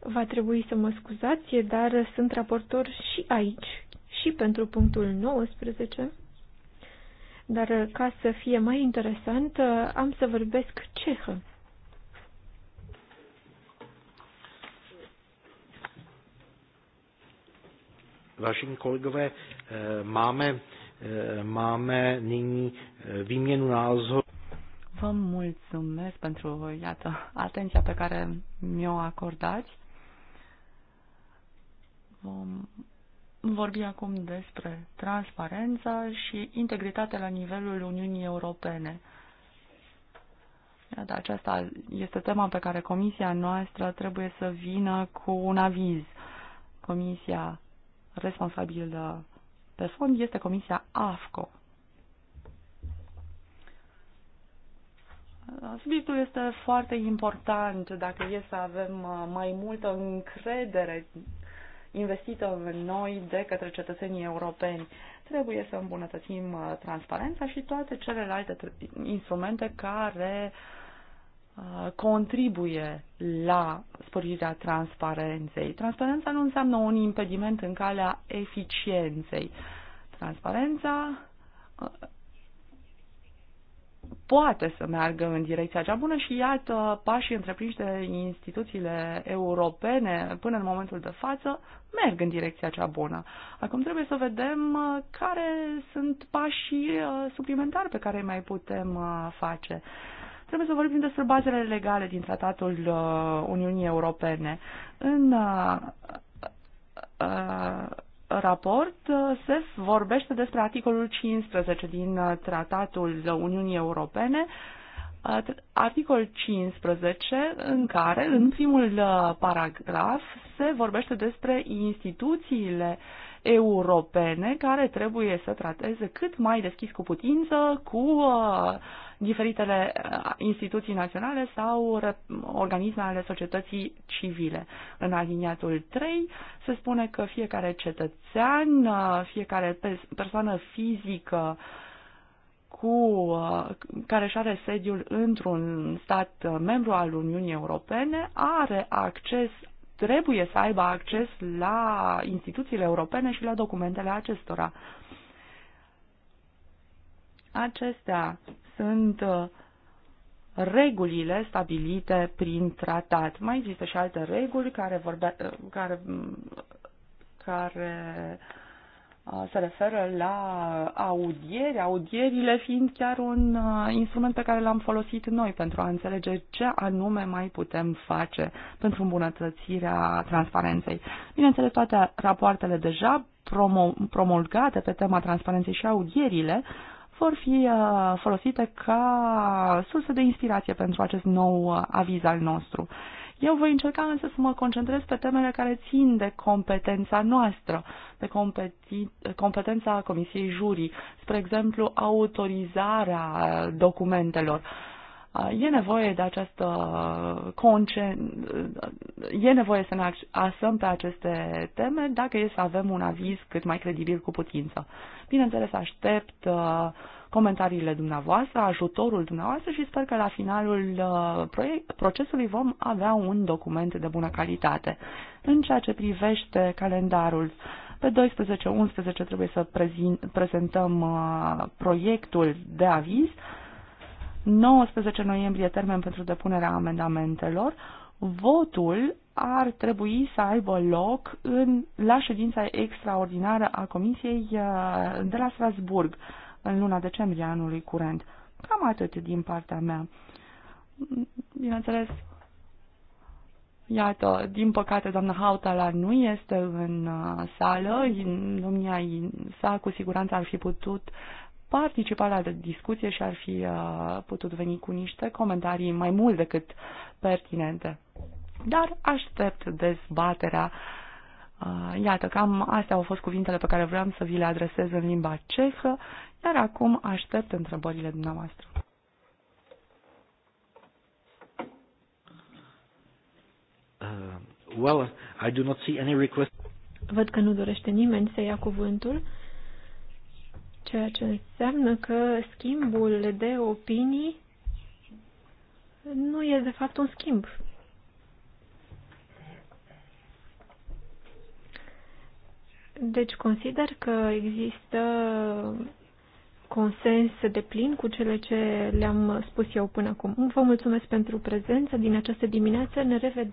Speaker 3: Va trebui să mă scuzați, dar sunt raportor și aici, și pentru punctul 19. Dar uh, ca să fie mai interesant, uh, am să vorbesc cehă.
Speaker 1: Vážení kolegové, eh, máme, eh, máme nyní eh, výměnu názorů.
Speaker 2: Vă mulțumesc pentru, iată, atenția pe care mi-o acordați. Vom vorbi acum despre transparența și integritatea la nivelul Uniunii Europene. Iată, aceasta este tema pe care comisia noastră trebuie să vină cu un aviz. Comisia responsabilă pe fond este comisia AFCO. Subiectul este foarte important dacă e să avem uh, mai multă încredere investită în noi de către cetățenii europeni. Trebuie să îmbunătățim uh, transparența și toate celelalte instrumente care uh, contribuie la sporirea transparenței. Transparența nu înseamnă un impediment în calea eficienței. Transparența uh, poate să meargă în direcția cea bună și iată pașii întreprinși de instituțiile europene până în momentul de față merg în direcția cea bună. Acum trebuie să vedem uh, care sunt pașii uh, suplimentari pe care îi mai putem uh, face. Trebuie să vorbim despre bazele legale din Tratatul Uniunii Europene. În raport uh, se vorbește despre articolul 15 din uh, Tratatul Uniunii Europene, uh, articol 15, în care, în primul paragraf, se vorbește despre instituțiile europene care trebuie să trateze cât mai deschis cu putință cu diferitele uh, instituții naționale sau organisme ale societății civile. În aliniatul 3 se spune că fiecare cetățean, uh, fiecare persoană fizică cu, uh, care își are sediul într-un stat membru al Uniunii Europene are acces trebuie să aibă acces la instituțiile europene și la documentele acestora. Acestea sunt uh, regulile stabilite prin tratat. Mai există și alte reguli care, vorbe, uh, care, mm, care uh, se referă la audieri, audierile fiind chiar un instrument pe care l-am folosit noi pentru a înțelege ce anume mai putem face pentru îmbunătățirea transparenței. Bineînțeles, toate rapoartele deja promulgate pe tema transparenței și audierile vor fi uh, folosite ca surse de inspirație pentru acest nou uh, aviz al nostru. Eu voi încerca însă să mă concentrez pe temele care țin de competența noastră, de competența Comisiei Jurii, spre exemplu autorizarea documentelor Uh, e nevoie de această uh, concen... Uh, e nevoie să ne asăm pe aceste teme dacă e să avem un aviz cât mai credibil cu putință. Bineînțeles, aștept comentariile dumneavoastră, ajutorul dumneavoastră și sper că la finalul procesului vom avea un document de bună calitate. În ceea ce privește calendarul, pe 12-11 trebuie să prezentăm proiectul de aviz, 19 noiembrie termen pentru depunerea amendamentelor, votul ar trebui să aibă loc în, la ședința extraordinară a Comisiei uh, de la Strasburg în luna decembrie anului curent. Cam atât din partea mea. Bineînțeles, Iată, din păcate, doamna Hautala nu este în uh, sală. Domnia sa cu siguranță ar fi putut participa la discuție și ar fi uh, putut veni cu niște comentarii mai mult decât pertinente. Dar aștept dezbaterea. Uh, iată, cam astea au fost cuvintele pe care vreau să vi le adresez în limba cehă, iar acum aștept întrebările dumneavoastră.
Speaker 1: Uh, well, I do not see any request.
Speaker 3: Văd că nu dorește nimeni să ia cuvântul ceea ce înseamnă că schimbul de opinii nu e de fapt un schimb. Deci consider că există consens de plin cu cele ce le-am spus eu până acum. Vă mulțumesc pentru prezență din această dimineață. Ne revedem.